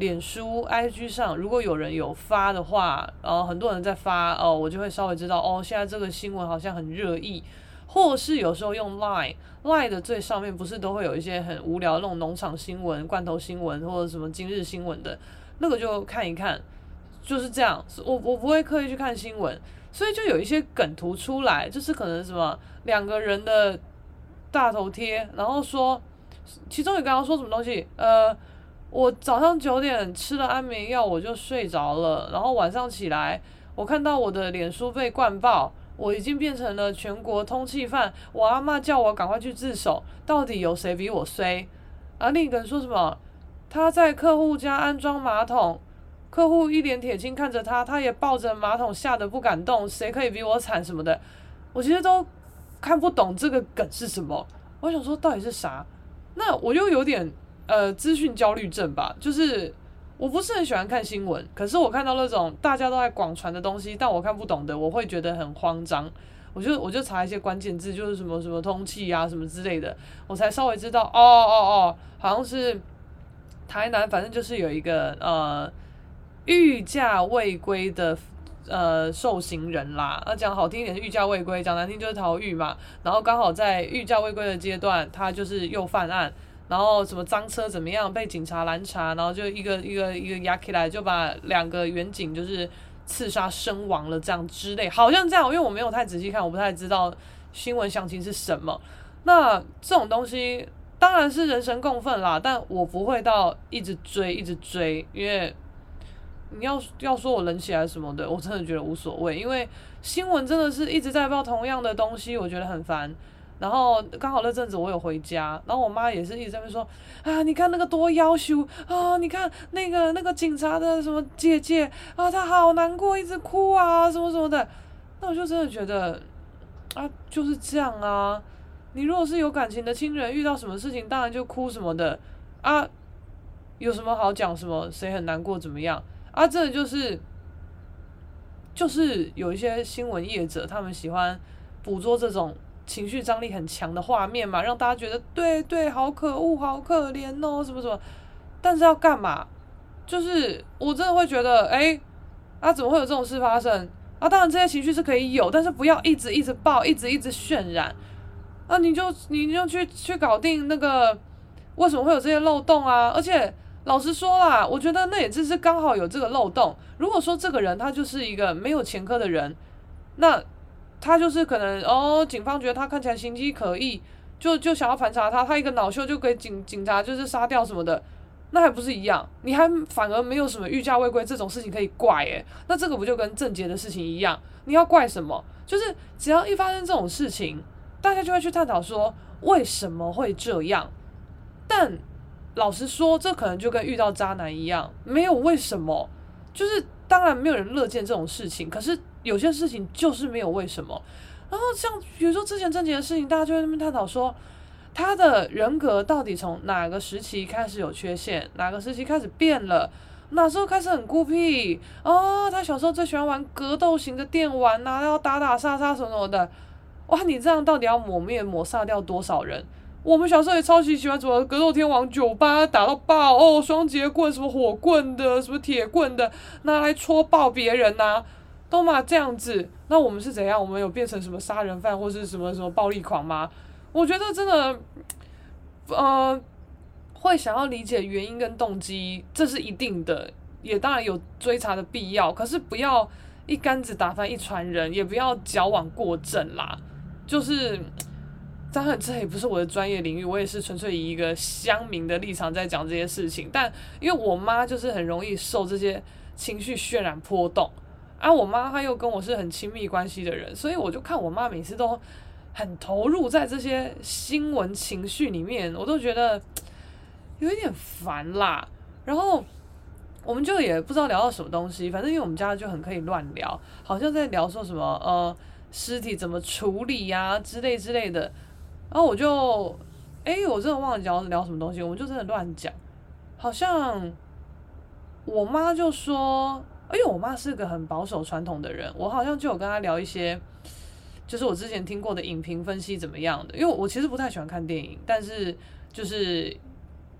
Speaker 1: 臉書、IG 上，如果有人有發的話，然後很多人在發，哦，我就會稍微知道，哦，現在這個新聞好像很熱議，或是有時候用 Line，Line 的最上面不是都會有一些很無聊的那種農場新聞、罐頭新聞或者什麼今日新聞的那個就看一看，就是這樣，我我不會刻意去看新聞，所以就有一些梗圖出來，就是可能什麼兩個人的大頭貼，然後說，其中你剛剛說什麼東西，呃。我早上九點吃了安眠藥，我就睡着了。然後晚上起來，我看到我的臉書被灌爆，我已經變成了全國通緝犯。我阿嬤叫我趕快去自首。到底有誰比我衰？啊，另一個人說什麼？他在客戶家安裝馬桶，客戶一臉鐵青看着他，他也抱着馬桶嚇得不敢動。誰可以比我慘什麼的？我其實都看不懂這個梗是什麼。我想說到底是啥？那我就有點。呃，資訊焦慮症吧，就是我不是很喜歡看新聞，可是我看到那種大家都在廣傳的東西，但我看不懂的，我會覺得很慌張。我就我就查一些關鍵字，就是什麼什麼通緝啊，什麼之類的，我才稍微知道哦哦哦，好像是台南，反正就是有一個呃，逾假未歸的呃受刑人啦。那、啊、講好聽一點是逾假未歸，講難聽就是逃獄嘛。然後剛好在逾假未歸的階段，他就是又犯案。然後什麼贓車怎麼樣被警察攔查，然後就一個一個一個押起來，就把兩個員警就是刺殺身亡了這樣之類，好像這樣，因為我沒有太仔細看，我不太知道新聞詳情是什麼。那這種東西當然是人神共憤啦，但我不會到一直追一直追，因為你要要說我冷血還是什麼的，我真的覺得無所謂，因為新聞真的是一直在報同樣的東西，我覺得很煩。然後剛好那陣子我有回家，然後我媽也是一直在那邊說：“啊，你看那個多夭壽啊！你看那個那個警察的什麼姐姐啊，她好難過，一直哭啊，什麼什麼的。”那我就真的覺得，啊，就是這樣啊。你如果是有感情的親人，遇到什麼事情，當然就哭什麼的啊，有什麼好講什麼？誰很難過？怎麼樣？啊，這就是，就是有一些新聞業者，他們喜歡捕捉這種。情緒張力很強的畫面嘛，讓大家覺得對對，好可惡，好可憐哦，什麼什麼。但是要幹嘛？就是我真的會覺得，哎、欸，啊，怎麼會有這種事發生？啊，當然這些情緒是可以有，但是不要一直一直爆，一直一直渲染。啊，你就你就去去搞定那個為什麼會有這些漏洞啊？而且老實說啦，我覺得那也只是剛好有這個漏洞。如果說這個人他就是一個沒有前科的人，那。他就是可能哦，警方覺得他看起來形跡可疑，就就想要盤查他。他一個惱羞就給警警察就是殺掉什麼的，那還不是一樣？你還反而沒有什麼逾假未歸這種事情可以怪誒，那這個不就跟鄭捷的事情一樣？你要怪什麼？就是只要一發生這種事情，大家就會去探討說為什麼會這樣。但老實說，這可能就跟遇到渣男一樣，沒有為什麼，就是。當然沒有人樂見這種事情，可是有些事情就是沒有為什麼。然後像比如說之前鄭捷的事情，大家就會在那邊探討說他的人格到底從哪個時期開始有缺陷，哪個時期開始變了，哪時候開始很孤僻？哦，他小時候最喜歡玩格鬥型的電玩啊，要打打殺殺什麼什麼的。哇，你這樣到底要抹滅抹殺掉多少人？我們小時候也超級喜歡什麼格鬥天王，酒吧打到爆哦，雙截棍什麼火棍的，什麼鐵棍的，拿來戳爆別人吶、啊，都嘛這樣子。那我們是怎樣？我們有變成什麼殺人犯或是什麼什麼暴力狂嗎？我覺得真的，呃，會想要理解原因跟動機，這是一定的，也當然有追查的必要。可是不要一竿子打翻一船人，也不要矯枉過正啦，就是。當然，這也不是我的專業領域，我也是純粹以一個鄉民的立場在講這些事情。但因為我媽就是很容易受這些情緒渲染波動，啊，我媽她又跟我是很親密關係的人，所以我就看我媽每次都很投入在這些新聞情緒裡面，我都覺得有一點煩啦。然後我們就也不知道聊到什麼東西，反正因為我們家就很可以亂聊，好像在聊說什麼呃屍體怎麼處理呀、啊、之類之類的。然後我就，哎，我真的忘了聊聊什麼東西，我們就真的亂講，好像我媽就說，哎呦，我媽是個很保守傳統的人，我好像就有跟她聊一些，就是我之前聽過的影評分析怎麼樣的，因為我，我其實不太喜歡看電影，但是就是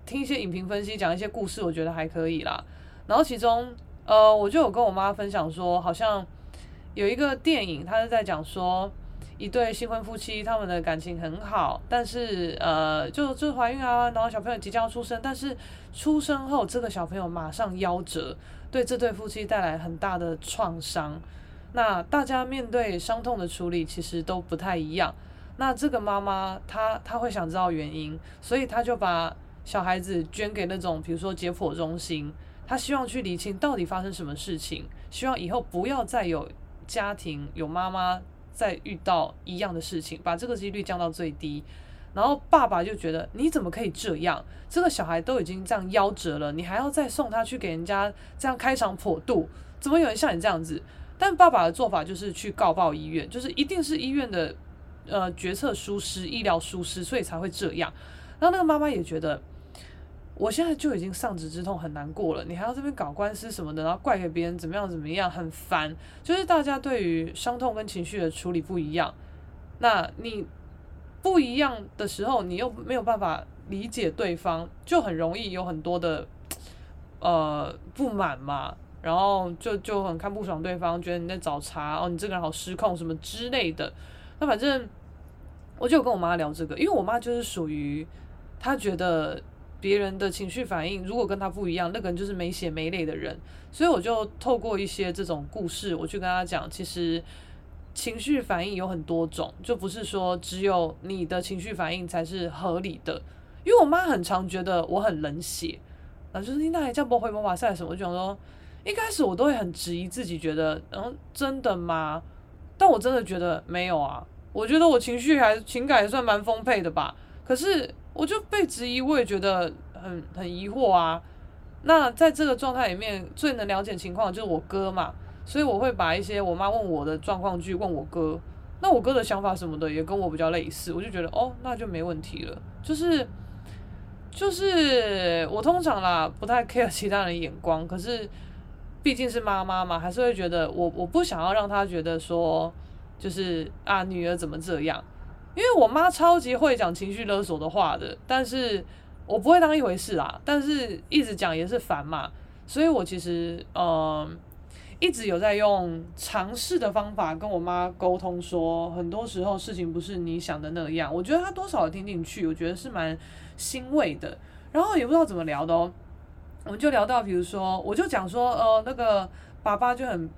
Speaker 1: 聽一些影評分析，講一些故事，我覺得還可以啦。然後其中，呃，我就有跟我媽分享說，好像有一個電影，它是在講說。一對新婚夫妻，他們的感情很好，但是呃，就就懷孕啊，然後小朋友即將要出生，但是出生後這個小朋友馬上夭折，對這對夫妻帶來很大的創傷。那大家面對傷痛的處理其實都不太一樣。那這個媽媽她她會想知道原因，所以她就把小孩子捐給那種比如說解剖中心，她希望去理清到底發生什麼事情，希望以後不要再有家庭有媽媽，再遇到一樣的事情，把這個幾率降到最低。然後爸爸就覺得你怎麼可以這樣？這個小孩都已經這樣夭折了，你還要再送他去給人家這樣開膛破肚？怎麼有人像你這樣子？但爸爸的做法就是去告報醫院，就是一定是醫院的呃決策疏失，醫療疏失，所以才會這樣。然後那個媽媽也覺得。我現在就已經喪子之痛很難過了，你還要這邊搞官司什麼的，然後怪給別人怎麼樣怎麼樣，很煩。就是大家對於傷痛跟情緒的處理不一樣，那你不一樣的時候，你又沒有辦法理解對方，就很容易有很多的呃不滿嘛，然後就就很看不爽對方，覺得你在找茬哦，你這個人好失控什麼之類的。那反正我就跟我媽聊這個，因為我媽就是屬於她覺得。別人的情緒反應如果跟他不一樣，那個人就是沒血沒淚的人。所以我就透過一些這種故事，我去跟他講，其實情緒反應有很多種，就不是說只有你的情緒反應才是合理的。因為我媽很常覺得我很冷血，啊，就是你那還叫不回魔法賽什麼？我就想說，一開始我都會很質疑自己，覺得，然、嗯、後真的嗎？但我真的覺得沒有啊，我覺得我情緒還情感還算蠻豐沛的吧。可是。我就被質疑，我也覺得很很疑惑啊。那在這個狀態裡面，最能了解情況就是我哥嘛，所以我會把一些我媽問我的狀況去問我哥。那我哥的想法什麼的也跟我比較類似，我就覺得哦，那就沒問題了。就是就是我通常啦，不太 care 其他人眼光，可是畢竟是媽媽嘛，還是會覺得我我不想要讓他覺得說就是啊，女兒怎麼這樣。因為我媽超級會講情緒勒索的話的，但是我不會當一回事啦，但是一直講也是煩嘛，所以我其實嗯、呃、一直有在用嘗試的方法跟我媽溝通說，說很多時候事情不是你想的那樣，我覺得她多少聽進去，我覺得是蠻欣慰的，然後也不知道怎麼聊的哦，我們就聊到比如說，我就講說，呃，那個爸爸就很。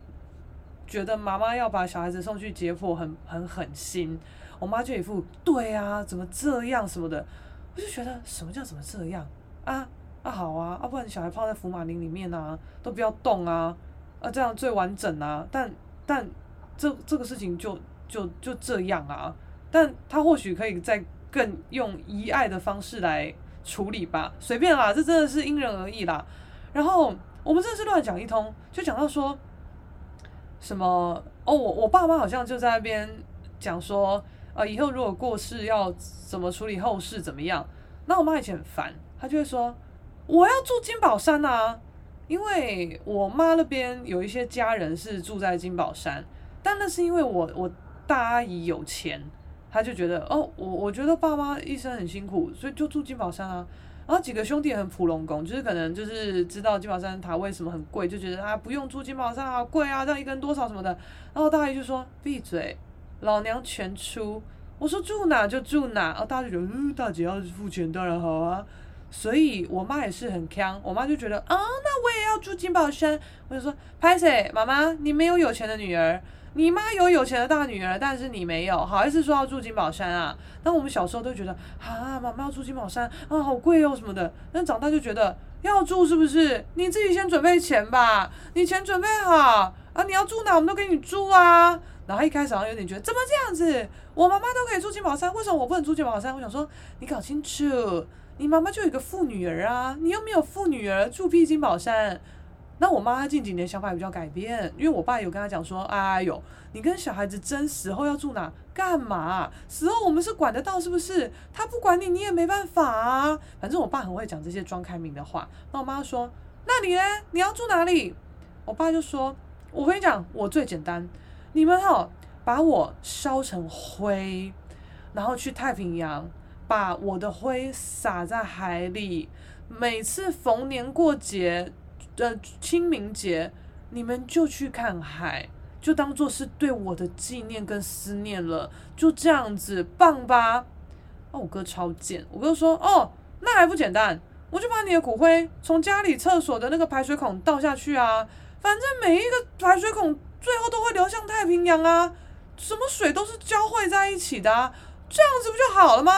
Speaker 1: 覺得媽媽要把小孩子送去解剖很很狠心，我媽就一副對啊，怎麼這樣什麼的，我就覺得什麼叫怎麼這樣啊啊，好啊啊，不然小孩泡在福馬林裡面啊都不要動啊啊，這樣最完整啊，但但這這個事情就就就這樣啊，但他或許可以再更用醫愛的方式來處理吧，隨便啦，這真的是因人而異啦。然後我們真的是亂講一通，就講到說。什麼哦，我我爸媽好像就在那邊講說，呃，以後如果過世要怎麼處理後事怎麼樣？那我媽以前很煩，她就會說我要住金寶山啊，因為我媽那邊有一些家人是住在金寶山，但那是因為我我大阿姨有錢，她就覺得哦，我我覺得爸媽一生很辛苦，所以就住金寶山啊。然後幾個兄弟很普攏貢，就是可能就是知道金寶山塔為什麼很貴，就覺得啊不用住金寶山好貴啊，這樣一根多少什麼的。然後大姨就說，閉嘴，老娘全出。我說住哪就住哪。然後大家就覺得嗯，大姐要是付錢當然好啊。所以我媽也是很嗆，我媽就覺得啊、哦、那我也要住金寶山。我就說歹勢，媽媽，你沒有有錢的女兒。你媽有有錢的大女兒，但是你沒有，好意思說要住金寶山啊？那我們小時候都覺得啊，媽媽要住金寶山啊，好貴哦什麼的。那長大就覺得要住是不是？你自己先準備錢吧，你錢準備好啊，你要住哪我們都給你住啊。然後一開始好像有點覺得怎麼這樣子，我媽媽都可以住金寶山，為什麼我不能住金寶山？我想說你搞清楚，你媽媽就有一個富女兒啊，你又沒有富女兒，住屁金寶山。那我媽近幾年想法也比較改變，因為我爸有跟她講說：“哎呦，你跟小孩子爭死後要住哪幹嘛？死後我們是管得到是不是？他不管你，你也沒辦法啊。”反正我爸很會講這些裝開明的話。那我媽說：“那你呢？你要住哪裡？”我爸就說：“我跟你講，我最簡單。你們哦，把我燒成灰，然後去太平洋把我的灰撒在海裡。每次逢年過節。”呃，清明節你們就去看海，就當做是對我的紀念跟思念了，就這樣子棒吧？哦，啊，我哥超賤，我哥說，哦，那還不簡單，我就把你的骨灰從家裡廁所的那個排水孔倒下去啊，反正每一個排水孔最後都會流向太平洋啊，什麼水都是交匯在一起的啊，這樣子不就好了嗎？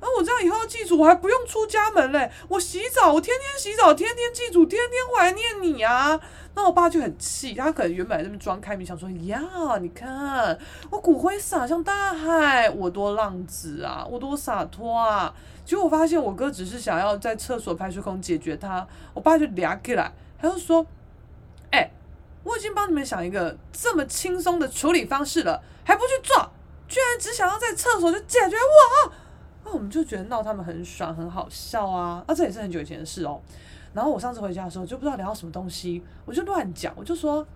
Speaker 1: 而、啊、我這樣以後祭祖，我還不用出家門嘞！我洗澡，我天天洗澡，天天祭祖，天天懷念你啊！那我爸就很氣，他可能原本在那邊裝開明，想說呀，yeah, 你看我骨灰撒向大海，我多浪子啊，我多灑脫啊！結果我發現我哥只是想要在廁所排水孔解決他，我爸就嗲起來，他就說：“哎、欸，我已經幫你們想一個這麼輕鬆的處理方式了，還不去做，居然只想要在廁所就解決我！” 我們就覺得鬧他們很爽，很好笑啊！啊，這也是很久以前的事哦、喔。然後我上次回家的時候，就不知道聊到什麼東西，我就亂講，我就說，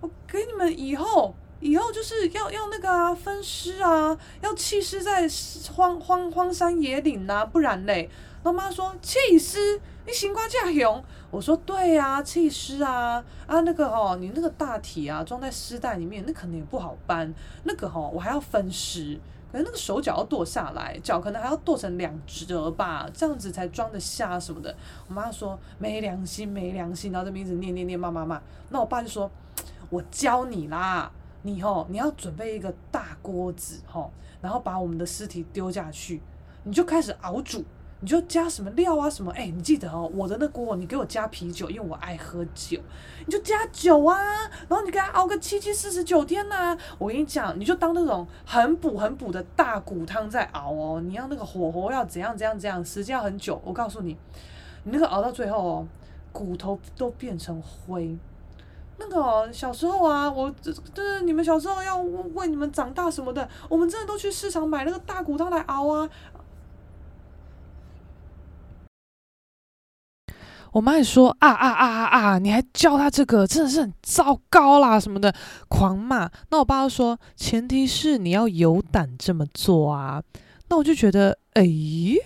Speaker 1: 我給你們以後，以後就是要要那個啊，分屍啊，要棄屍在荒荒荒山野嶺吶、啊，不然嘞、哎。老媽說棄屍，你行刮架熊？我說對啊，棄屍啊啊那個哦，你那個大體啊，裝在屍袋裡面，那可能也不好搬。那個哦，我還要分屍。可是那個手腳要剁下來，腳可能還要剁成兩折吧，這樣子才裝得下什麼的。我媽說沒良心，沒良心，然後這邊一直念念念罵罵罵。那我爸就說，我教你啦，你吼、哦、你要準備一個大鍋子哦，然後把我們的屍體丟下去，你就開始熬煮。你就加什麼料啊什麼？哎、欸，你記得哦，我的那鍋你給我加啤酒，因為我愛喝酒，你就加酒啊。然後你給它熬個七七四十九天吶、啊。我跟你講，你就當那種很補很補的大骨湯在熬哦。你要那個火候要怎樣怎樣怎樣，時間要很久。我告訴你，你那個熬到最後哦，骨頭都變成灰。那個、哦、小時候啊，我就是你們小時候要為你們長大什麼的，我們真的都去市場買那個大骨湯來熬啊。我媽也說啊啊啊啊啊！你還教他這個，真的是很糟糕啦，什麼的，狂罵。那我爸說，前提是你要有膽這麼做啊。那我就覺得，哎，你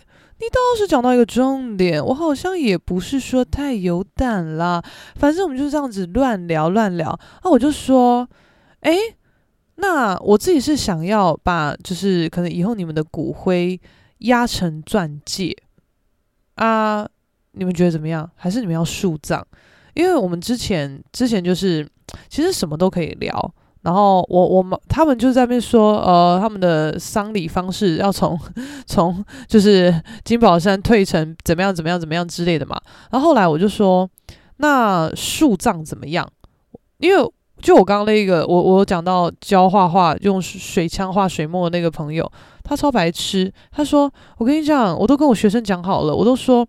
Speaker 1: 倒是講到一個重點，我好像也不是說太有膽啦，反正我們就是這樣子亂聊亂聊。那、啊、我就說，哎，那我自己是想要把，就是可能以後你們的骨灰壓成鑽戒啊。你們覺得怎麼樣？還是你們要樹葬？因為我們之前之前就是，其實什麼都可以聊。然後我我們他們就在那邊說，呃，他們的喪禮方式要從從就是金寶山退城，怎麼樣怎麼樣怎麼樣之類的嘛。然後後來我就說，那樹葬怎麼樣？因為就我剛剛那個，我我有講到教畫畫用水槍畫水墨的那個朋友，他超白痴。他說：“我跟你講，我都跟我學生講好了，我都說。”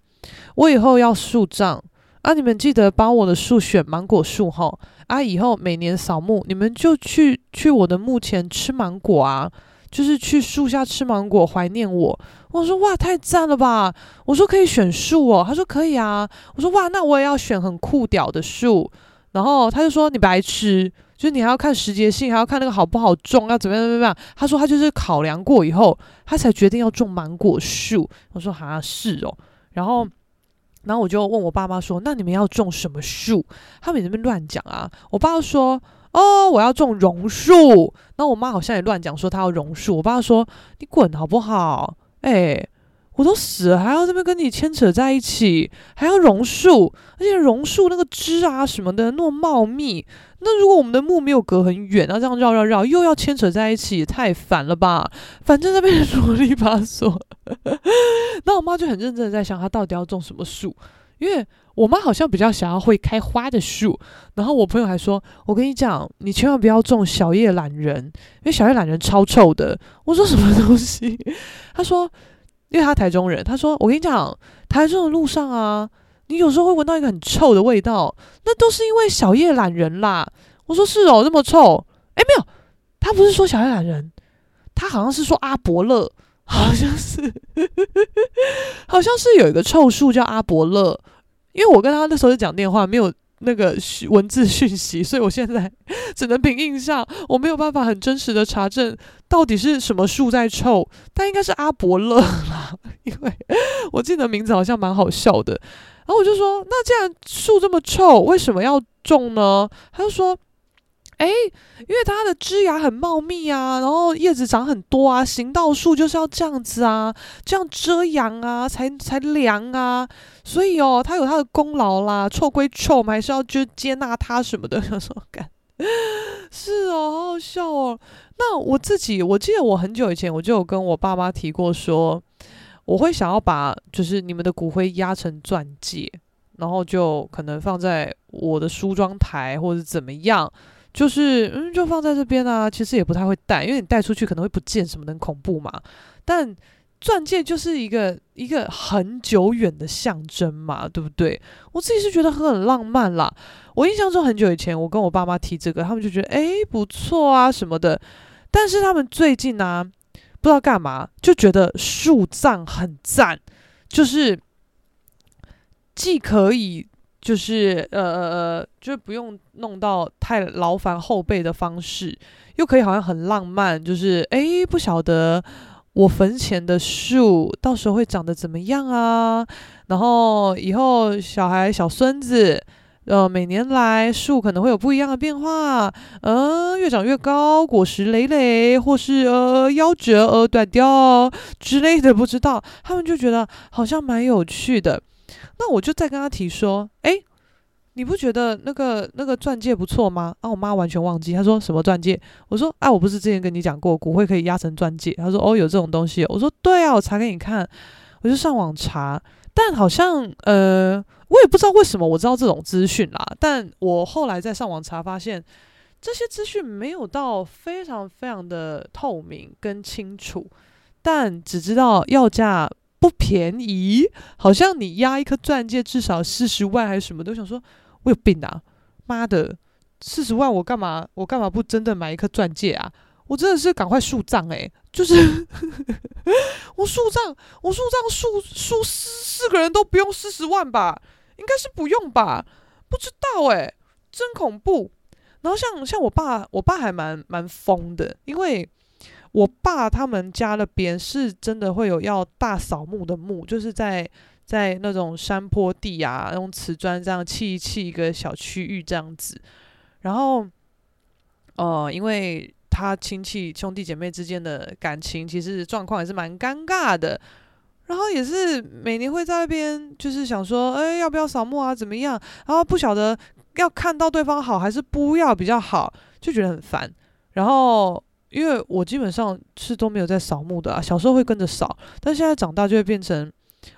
Speaker 1: 我以後要樹葬啊！你們記得幫我的樹選芒果樹吼，啊，以後每年掃墓，你們就去去我的墓前吃芒果啊，就是去樹下吃芒果，懷念我。我說哇，太讚了吧！我說可以選樹哦？他說可以啊。我說哇，那我也要選很酷屌的樹。然後他就說你白痴，就是你還要看時節性，還要看那個好不好種，啊，要怎麼樣怎麼樣。他說他就是考量過以後，他才決定要種芒果樹。我說哈、啊、是哦。然後，然後我就問我爸媽說：“那你們要種什麼樹？”他們也在那邊亂講啊。我爸說：“哦，我要種榕樹。”然後我媽好像也亂講，說她要榕樹。我爸說：“你滾好不好？哎，我都死了還要這邊跟你牽扯在一起，還要榕樹，而且榕樹那個枝啊什麼的那麼茂密。”那如果我們的墓沒有隔很遠，那這樣繞繞繞又要牽扯在一起，也太煩了吧？反正在那邊囉哩八嗦， 那我媽就很認真的在想，她到底要種什麼樹？因為我媽好像比較想要會開花的樹。然後我朋友還說，我跟你講，你千萬不要種小葉欖仁，因為小葉欖仁超臭的。我說什麼東西？她說，因為她台中人，她說我跟你講，台中的路上啊。你有時候會聞到一個很臭的味道，那都是因為小葉欖仁啦。我說是哦、喔，那麼臭。哎、欸，沒有，他不是說小葉欖仁，他好像是說阿勃勒，好像是， 好像是有一個臭樹叫阿勃勒。因為我跟他那時候是講電話，沒有那個訊文字訊息，所以我現在只能憑印象，我沒有辦法很真實的查證到底是什麼樹在臭，但應該是阿勃勒啦，因為我記得名字好像蠻好笑的。然後我就說，那既然樹這麼臭，為什麼要種呢？他就說，誒，因為它的枝芽很茂密啊，然後葉子長很多啊，行道樹就是要這樣子啊，這樣遮陽啊，才才涼啊，所以哦，它有它的功勞啦。臭歸臭嘛，我們還是要就接納它什麼的，有什麼感覺？是哦，好好笑哦。那我自己，我記得我很久以前我就有跟我爸媽提過說。我會想要把就是你們的骨灰壓成鑽戒，然後就可能放在我的梳妝台，或者怎麼樣，就是嗯，就放在這邊啊。其實也不太會帶，因為你帶出去可能會不見什麼的，很恐怖嘛。但鑽戒就是一個一個很久遠的象徵嘛，對不對？我自己是覺得很浪漫啦。我印象中很久以前，我跟我爸媽提這個，他們就覺得誒，不錯啊什麼的。但是他們最近呢、啊？不知道幹嘛，就覺得樹葬很讚，就是既可以就是呃呃呃，就不用弄到太勞煩後輩的方式，又可以好像很浪漫，就是誒，不曉得我墳前的樹到時候會長得怎麼樣啊？然後以後小孩小孫子。呃，每年來樹可能會有不一樣的變化，嗯、呃，越長越高，果實累累，或是呃夭折、呃斷掉之類的，不知道。他們就覺得好像蠻有趣的。那我就再跟他提說，哎、欸，你不覺得那個那個鑽戒不錯嗎？啊，我媽完全忘記，她說什麼鑽戒？我說，哎、啊，我不是之前跟你講過，骨灰可以壓成鑽戒？她說，哦，有這種東西？我說，對啊，我查給你看。我就上網查，但好像呃。我也不知道為什麼我知道這種資訊啦，但我後來在上網查發現，這些資訊沒有到非常非常的透明跟清楚，但只知道要價不便宜，好像你押一顆鑽戒至少四十萬還是什麼，都想說我有病啊，媽的四十萬我幹嘛？我幹嘛不真的買一顆鑽戒啊？我真的是趕快樹葬哎，就是 我樹葬，我樹葬樹樹四四個人都不用四十萬吧？應該是不用吧？不知道哎、欸，真恐怖。然後像像我爸，我爸還蠻蠻瘋的，因為我爸他們家那邊是真的會有要大掃墓的墓，就是在在那種山坡地啊，用瓷磚這樣砌一砌一個小區域這樣子。然後，哦、呃，因為。他親戚兄弟姐妹之間的感情，其實狀況也是蠻尷尬的。然後也是每年會在那邊，就是想說，哎，要不要掃墓啊？怎麼樣？然後不曉得要看到對方好，還是不要比較好，就覺得很煩。然後因為我基本上是都沒有在掃墓的啊，小時候會跟着掃，但現在長大就會變成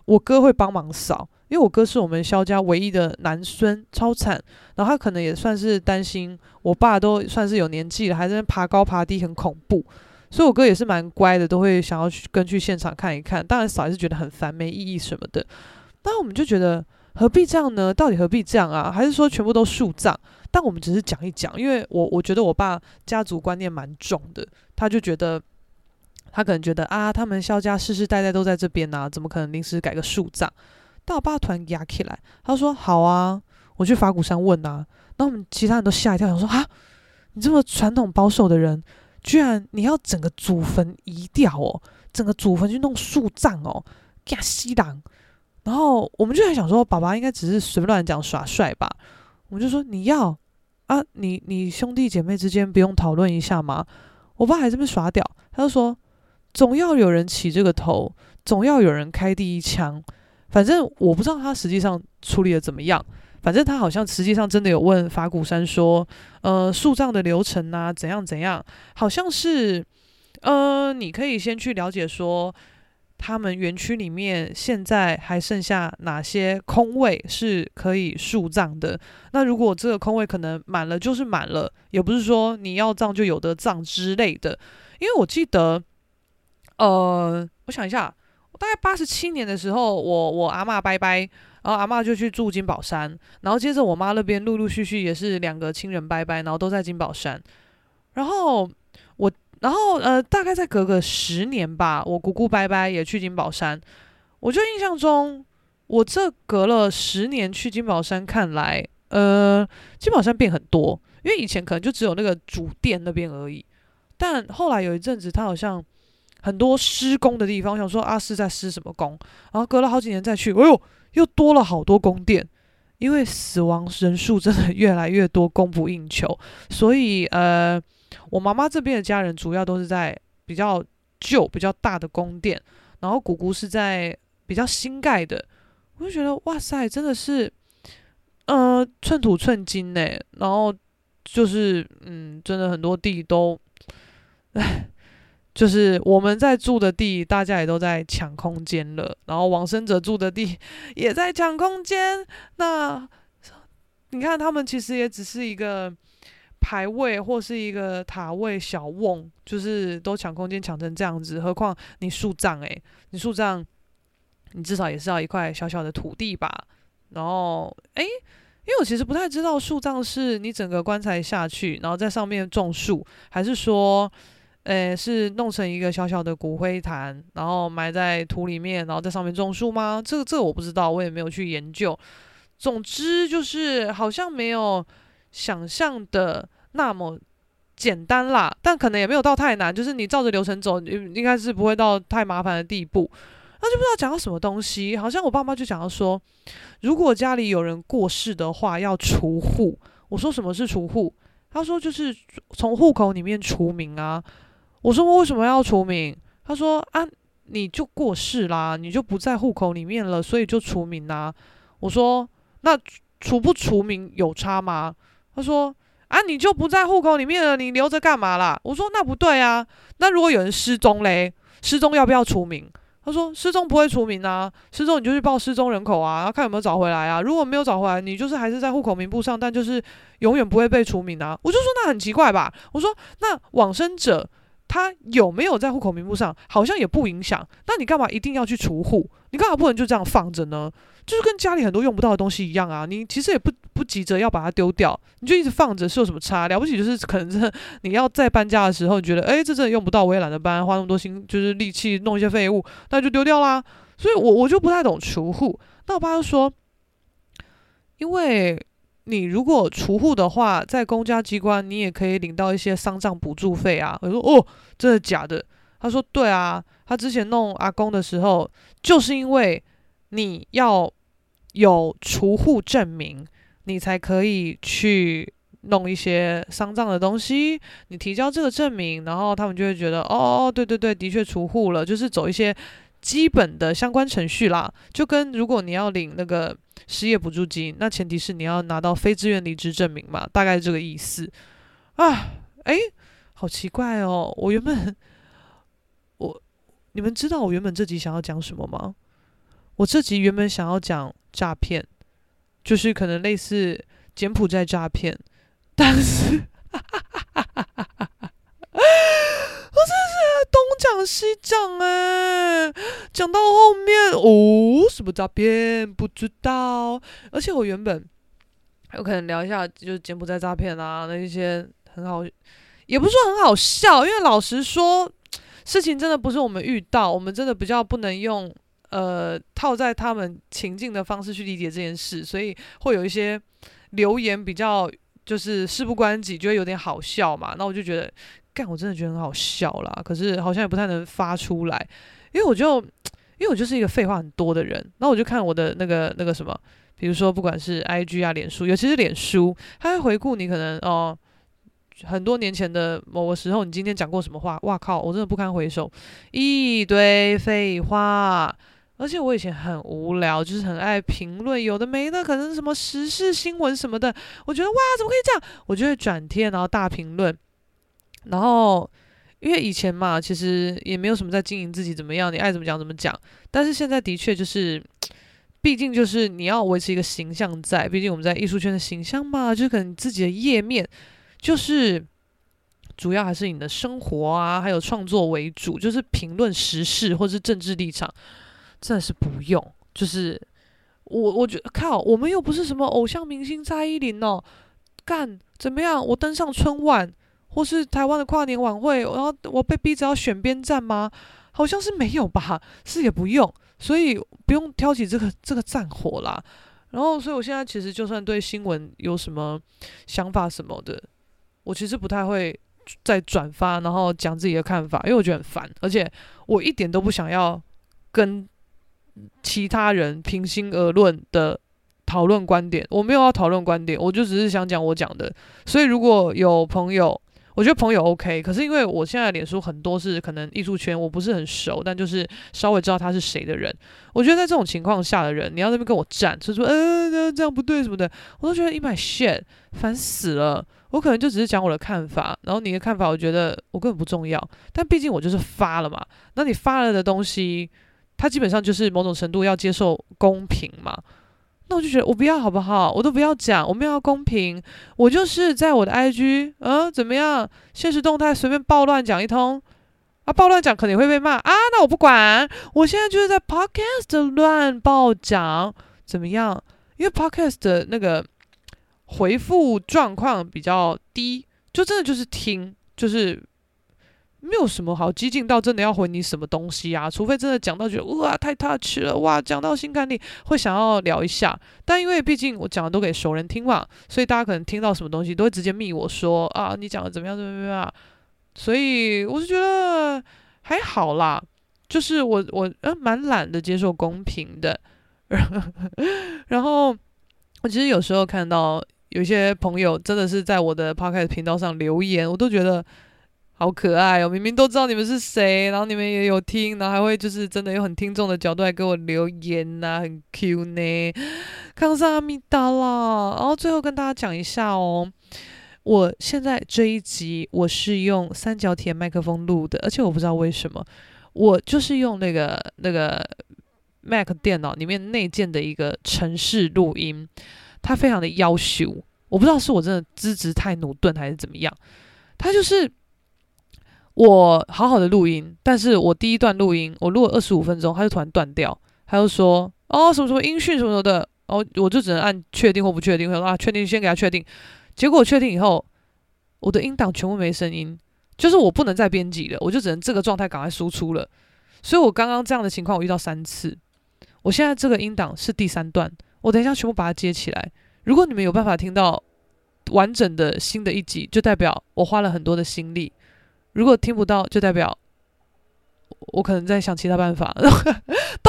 Speaker 1: 我哥會幫忙掃。因為我哥是我們蕭家唯一的男孫，超慘。然後他可能也算是擔心，我爸都算是有年紀了，還在爬高爬低，很恐怖。所以我哥也是蠻乖的，都會想要去跟去現場看一看。當然，嫂也是覺得很煩、沒意義什麼的。那我們就覺得何必這樣呢？到底何必這樣啊？還是說全部都樹葬？但我們只是講一講，因為我我覺得我爸家族觀念蠻重的，他就覺得他可能覺得啊，他們蕭家世世代代,代都在這邊呢、啊，怎麼可能臨時改個樹葬？但我爸團壓起來，他說：“好啊，我去法鼓山問啊。”然後我們其他人都嚇一跳，想說：“啊，你這麼傳統保守的人，居然你要整個祖墳移掉哦，整個祖墳去弄樹葬哦，嘎西郎。”然後我們就還想說：“爸爸應該只是隨便亂講耍帥吧？”我們就說：“你要啊？你你兄弟姐妹之間不用討論一下嗎？”我爸還是這麼耍屌，他就說：“總要有人起這個頭，總要有人開第一槍。”反正我不知道他實際上處理的怎麼樣，反正他好像實際上真的有問法鼓山說，呃，樹葬的流程啊，怎樣怎樣，好像是，呃，你可以先去了解說，他們園區裡面現在還剩下哪些空位是可以樹葬的。那如果這個空位可能滿了，就是滿了，也不是說你要葬就有得葬之類的，因為我記得，呃，我想一下。大概八十七年的時候，我我阿嬤拜拜，然後阿嬤就去住金寶山，然後接着我媽那邊陸陸續續也是兩個親人拜拜，然後都在金寶山，然後我然後呃大概再隔個十年吧，我姑姑拜拜也去金寶山。我就印象中我這隔了十年去金寶山，看來呃金寶山變很多，因為以前可能就只有那個主殿那邊而已，但後來有一陣子他好像。很多施工的地方，我想說啊是在施什麼工？然後隔了好幾年再去，哎呦，又多了好多宮殿，因為死亡人數真的越來越多，供不應求，所以呃，我媽媽這邊的家人主要都是在比較舊、比較大的宮殿，然後姑姑是在比較新蓋的，我就覺得哇塞，真的是呃寸土寸金呢，然後就是嗯，真的很多地都哎。就是我們在住的地，大家也都在搶空間了。然後往生者住的地也在搶空間。那你看他們其實也只是一個排位或是一個塔位小甕，就是都搶空間搶成這樣子。何況你樹葬、欸，誒，你樹葬，你至少也是要一塊小小的土地吧。然後，哎、欸，因為我其實不太知道樹葬是你整個棺材下去，然後在上面種樹，還是說？誒，是弄成一個小小的骨灰壇，然後埋在土裡面，然後在上面種樹嗎？這個這個我不知道，我也沒有去研究。總之就是好像沒有想象的那麼簡單啦，但可能也沒有到太難，就是你照着流程走，應應該是不會到太麻煩的地步。那就不知道講到什麼東西，好像我爸媽就講到說，如果家裡有人過世的話要除戶。我說什麼是除戶？他說就是從戶口裡面除名啊。我說我為什麼要除名？他說，啊，你就過世啦，你就不在戶口裡面了，所以就除名啦、啊。我說那除不除名有差嗎？他說，啊，你就不在戶口裡面了，你留着幹嘛啦？我說那不對啊，那如果有人失蹤嘞，失蹤要不要除名？他說失蹤不會除名啊，失蹤你就去報失蹤人口啊，看有沒有找回來啊。如果沒有找回來，你就是還是在戶口名簿上，但就是永遠不會被除名的啊。我就說那很奇怪吧？我說那往生者。他有沒有在戶口名簿上，好像也不影響。那你幹嘛一定要去除戶？你干嘛不能就這樣放着呢？就是跟家裡很多用不到的東西一樣啊。你其實也不不急着要把它丟掉，你就一直放着，是有什麼差？了不起就是可能，你要在搬家的時候，你覺得，誒、欸，這真的用不到，我也懶得搬，花那麼多心，就是力氣弄一些廢物，那就丟掉啦。所以我，我我就不太懂除戶。那我爸就說，因為。你如果除戶的話，在公家機關你也可以領到一些喪葬補助費啊。我說哦，真的假的？他說對啊，他之前弄阿公的時候，就是因為你要有除戶證明，你才可以去弄一些喪葬的東西。你提交這個證明，然後他們就會覺得哦，對對對，的確除戶了，就是走一些。基本的相關程序啦，就跟如果你要領那個失業補助金，那前提是你要拿到非自願離職證明嘛，大概這個意思啊。哎、欸，好奇怪哦！我原本我你們知道我原本這集想要講什麼嗎？我這集原本想要講詐騙，就是可能類似柬埔寨詐騙，但是哈哈哈我這是。東講西講哎、欸，講到後面哦，什麼詐騙不知道，而且我原本有可能聊一下，就是柬埔寨詐騙啊，那一些很好，也不是說很好笑，因為老實說，事情真的不是我們遇到，我們真的比較不能用呃套在他們情境的方式去理解這件事，所以會有一些留言比較就是事不關己，就會有點好笑嘛，那我就覺得。幹，我真的覺得很好笑啦，可是好像也不太能發出來，因為我就，因為我就是一個廢話很多的人。那我就看我的那個那個什麼，比如說不管是 IG 啊、臉書，尤其是臉書，它會回顧你可能哦、呃、很多年前的某個時候，你今天講過什麼話。哇靠，我真的不堪回首，一堆廢話。而且我以前很無聊，就是很愛評論，有的沒的，可能什麼時事新聞什麼的，我覺得哇，怎麼可以這樣？我就會轉貼，然後大評論。然後，因為以前嘛，其實也沒有什麼在經營自己怎麼樣，你愛怎麼講怎麼講。但是現在的確就是，畢竟就是你要維持一個形象在，畢竟我們在藝術圈的形象嘛，就可能自己的頁面就是主要還是你的生活啊，還有創作為主。就是評論時事或者是政治立場，真的是不用。就是我我覺得靠，我們又不是什麼偶像明星蔡依林哦，幹怎麼樣？我登上春晚。或是台灣的跨年晚會，然後我被逼着要選邊站嗎？好像是沒有吧，是也不用，所以不用挑起這個這個戰火啦。然後，所以我現在其實就算對新聞有什麼想法什麼的，我其實不太會再轉發，然後講自己的看法，因為我覺得很煩，而且我一點都不想要跟其他人平心而論的討論觀點。我沒有要討論觀點，我就只是想講我講的。所以如果有朋友。我覺得朋友 OK，可是因為我現在臉書很多是可能藝術圈，我不是很熟，但就是稍微知道他是誰的人。我覺得在這種情況下的人，你要在那邊跟我站，就說呃這樣不對什麼的，我都覺得你蠻 t 煩死了。我可能就只是講我的看法，然後你的看法我覺得我根本不重要。但畢竟我就是發了嘛，那你發了的東西，它基本上就是某種程度要接受公平嘛。那我就覺得我不要好不好？我都不要講，我們要公平。我就是在我的 IG，嗯，怎麼樣？現實動態隨便暴亂講一通啊，暴亂講可能會被罵啊，那我不管。我現在就是在 Podcast 亂暴講，怎麼樣？因為 Podcast 的那個回復狀況比較低，就真的就是聽，就是。沒有什麼好激進到真的要回你什麼東西啊？除非真的講到覺得哇太 touch 了哇，講到心坎裡會想要聊一下。但因為畢竟我講的都給熟人聽嘛，所以大家可能聽到什麼東西都會直接密我說啊，你講的怎麼樣怎麼樣啊？所以我是覺得還好啦，就是我我嗯蠻懶得接受公平的。 然後我其實有時候看到有些朋友真的是在我的 Podcast 頻道上留言，我都覺得。好可愛哦！明明都知道你們是誰，然後你們也有聽，然後還會就是真的用很聽眾的角度來給我留言吶、啊，很 q 呢。康桑阿彌達啦，然後最後跟大家講一下哦，我現在這一集我是用三角鐵麥克風錄的，而且我不知道為什麼，我就是用那個那個 Mac 電腦裡面內建的一個程式，錄音，它非常的要求，我不知道是我真的資質太駑鈍還是怎麼樣，它就是。我好好的錄音，但是我第一段錄音我錄了二十五分鐘，它就突然斷掉，它就說哦什麼什麼音訊什麼什麼的，哦，我就只能按確定或不確定，或者說啊確定，先給它確定，結果我確定以後，我的音檔全部沒聲音，就是我不能再編輯了，我就只能這個狀態趕快輸出了。所以我剛剛這樣的情況我遇到三次，我現在這個音檔是第三段，我等一下全部把它接起來。如果你們有辦法聽到完整的新的一集，就代表我花了很多的心力。如果聽不到，就代表我可能在想其他辦法。 到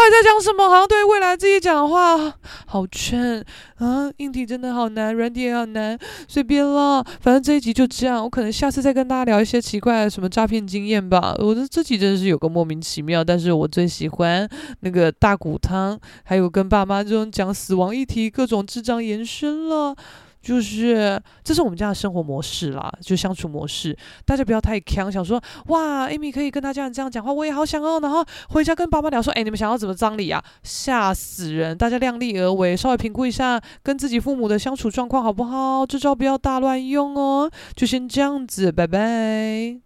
Speaker 1: 底在講什麼？好像對未來自己講話，好勸。啊！硬題真的好難，軟體也好難，隨便了。反正這一集就這樣，我可能下次再跟大家聊一些奇怪的什麼詐騙經驗吧。我的這，這集真的是有個莫名其妙，但是我最喜歡那個大骨湯，還有跟爸媽這種講死亡議題，各種智障延伸了。就是，這是我們家的生活模式啦，就相處模式。大家不要太強，想說哇，Amy 可以跟他家人這樣講話，我也好想哦。然後回家跟爸媽聊說，哎、欸，你們想要怎麼葬禮啊？嚇死人！大家量力而為，稍微評估一下跟自己父母的相處狀況，好不好？這招不要大亂用哦。就先這樣子，拜拜。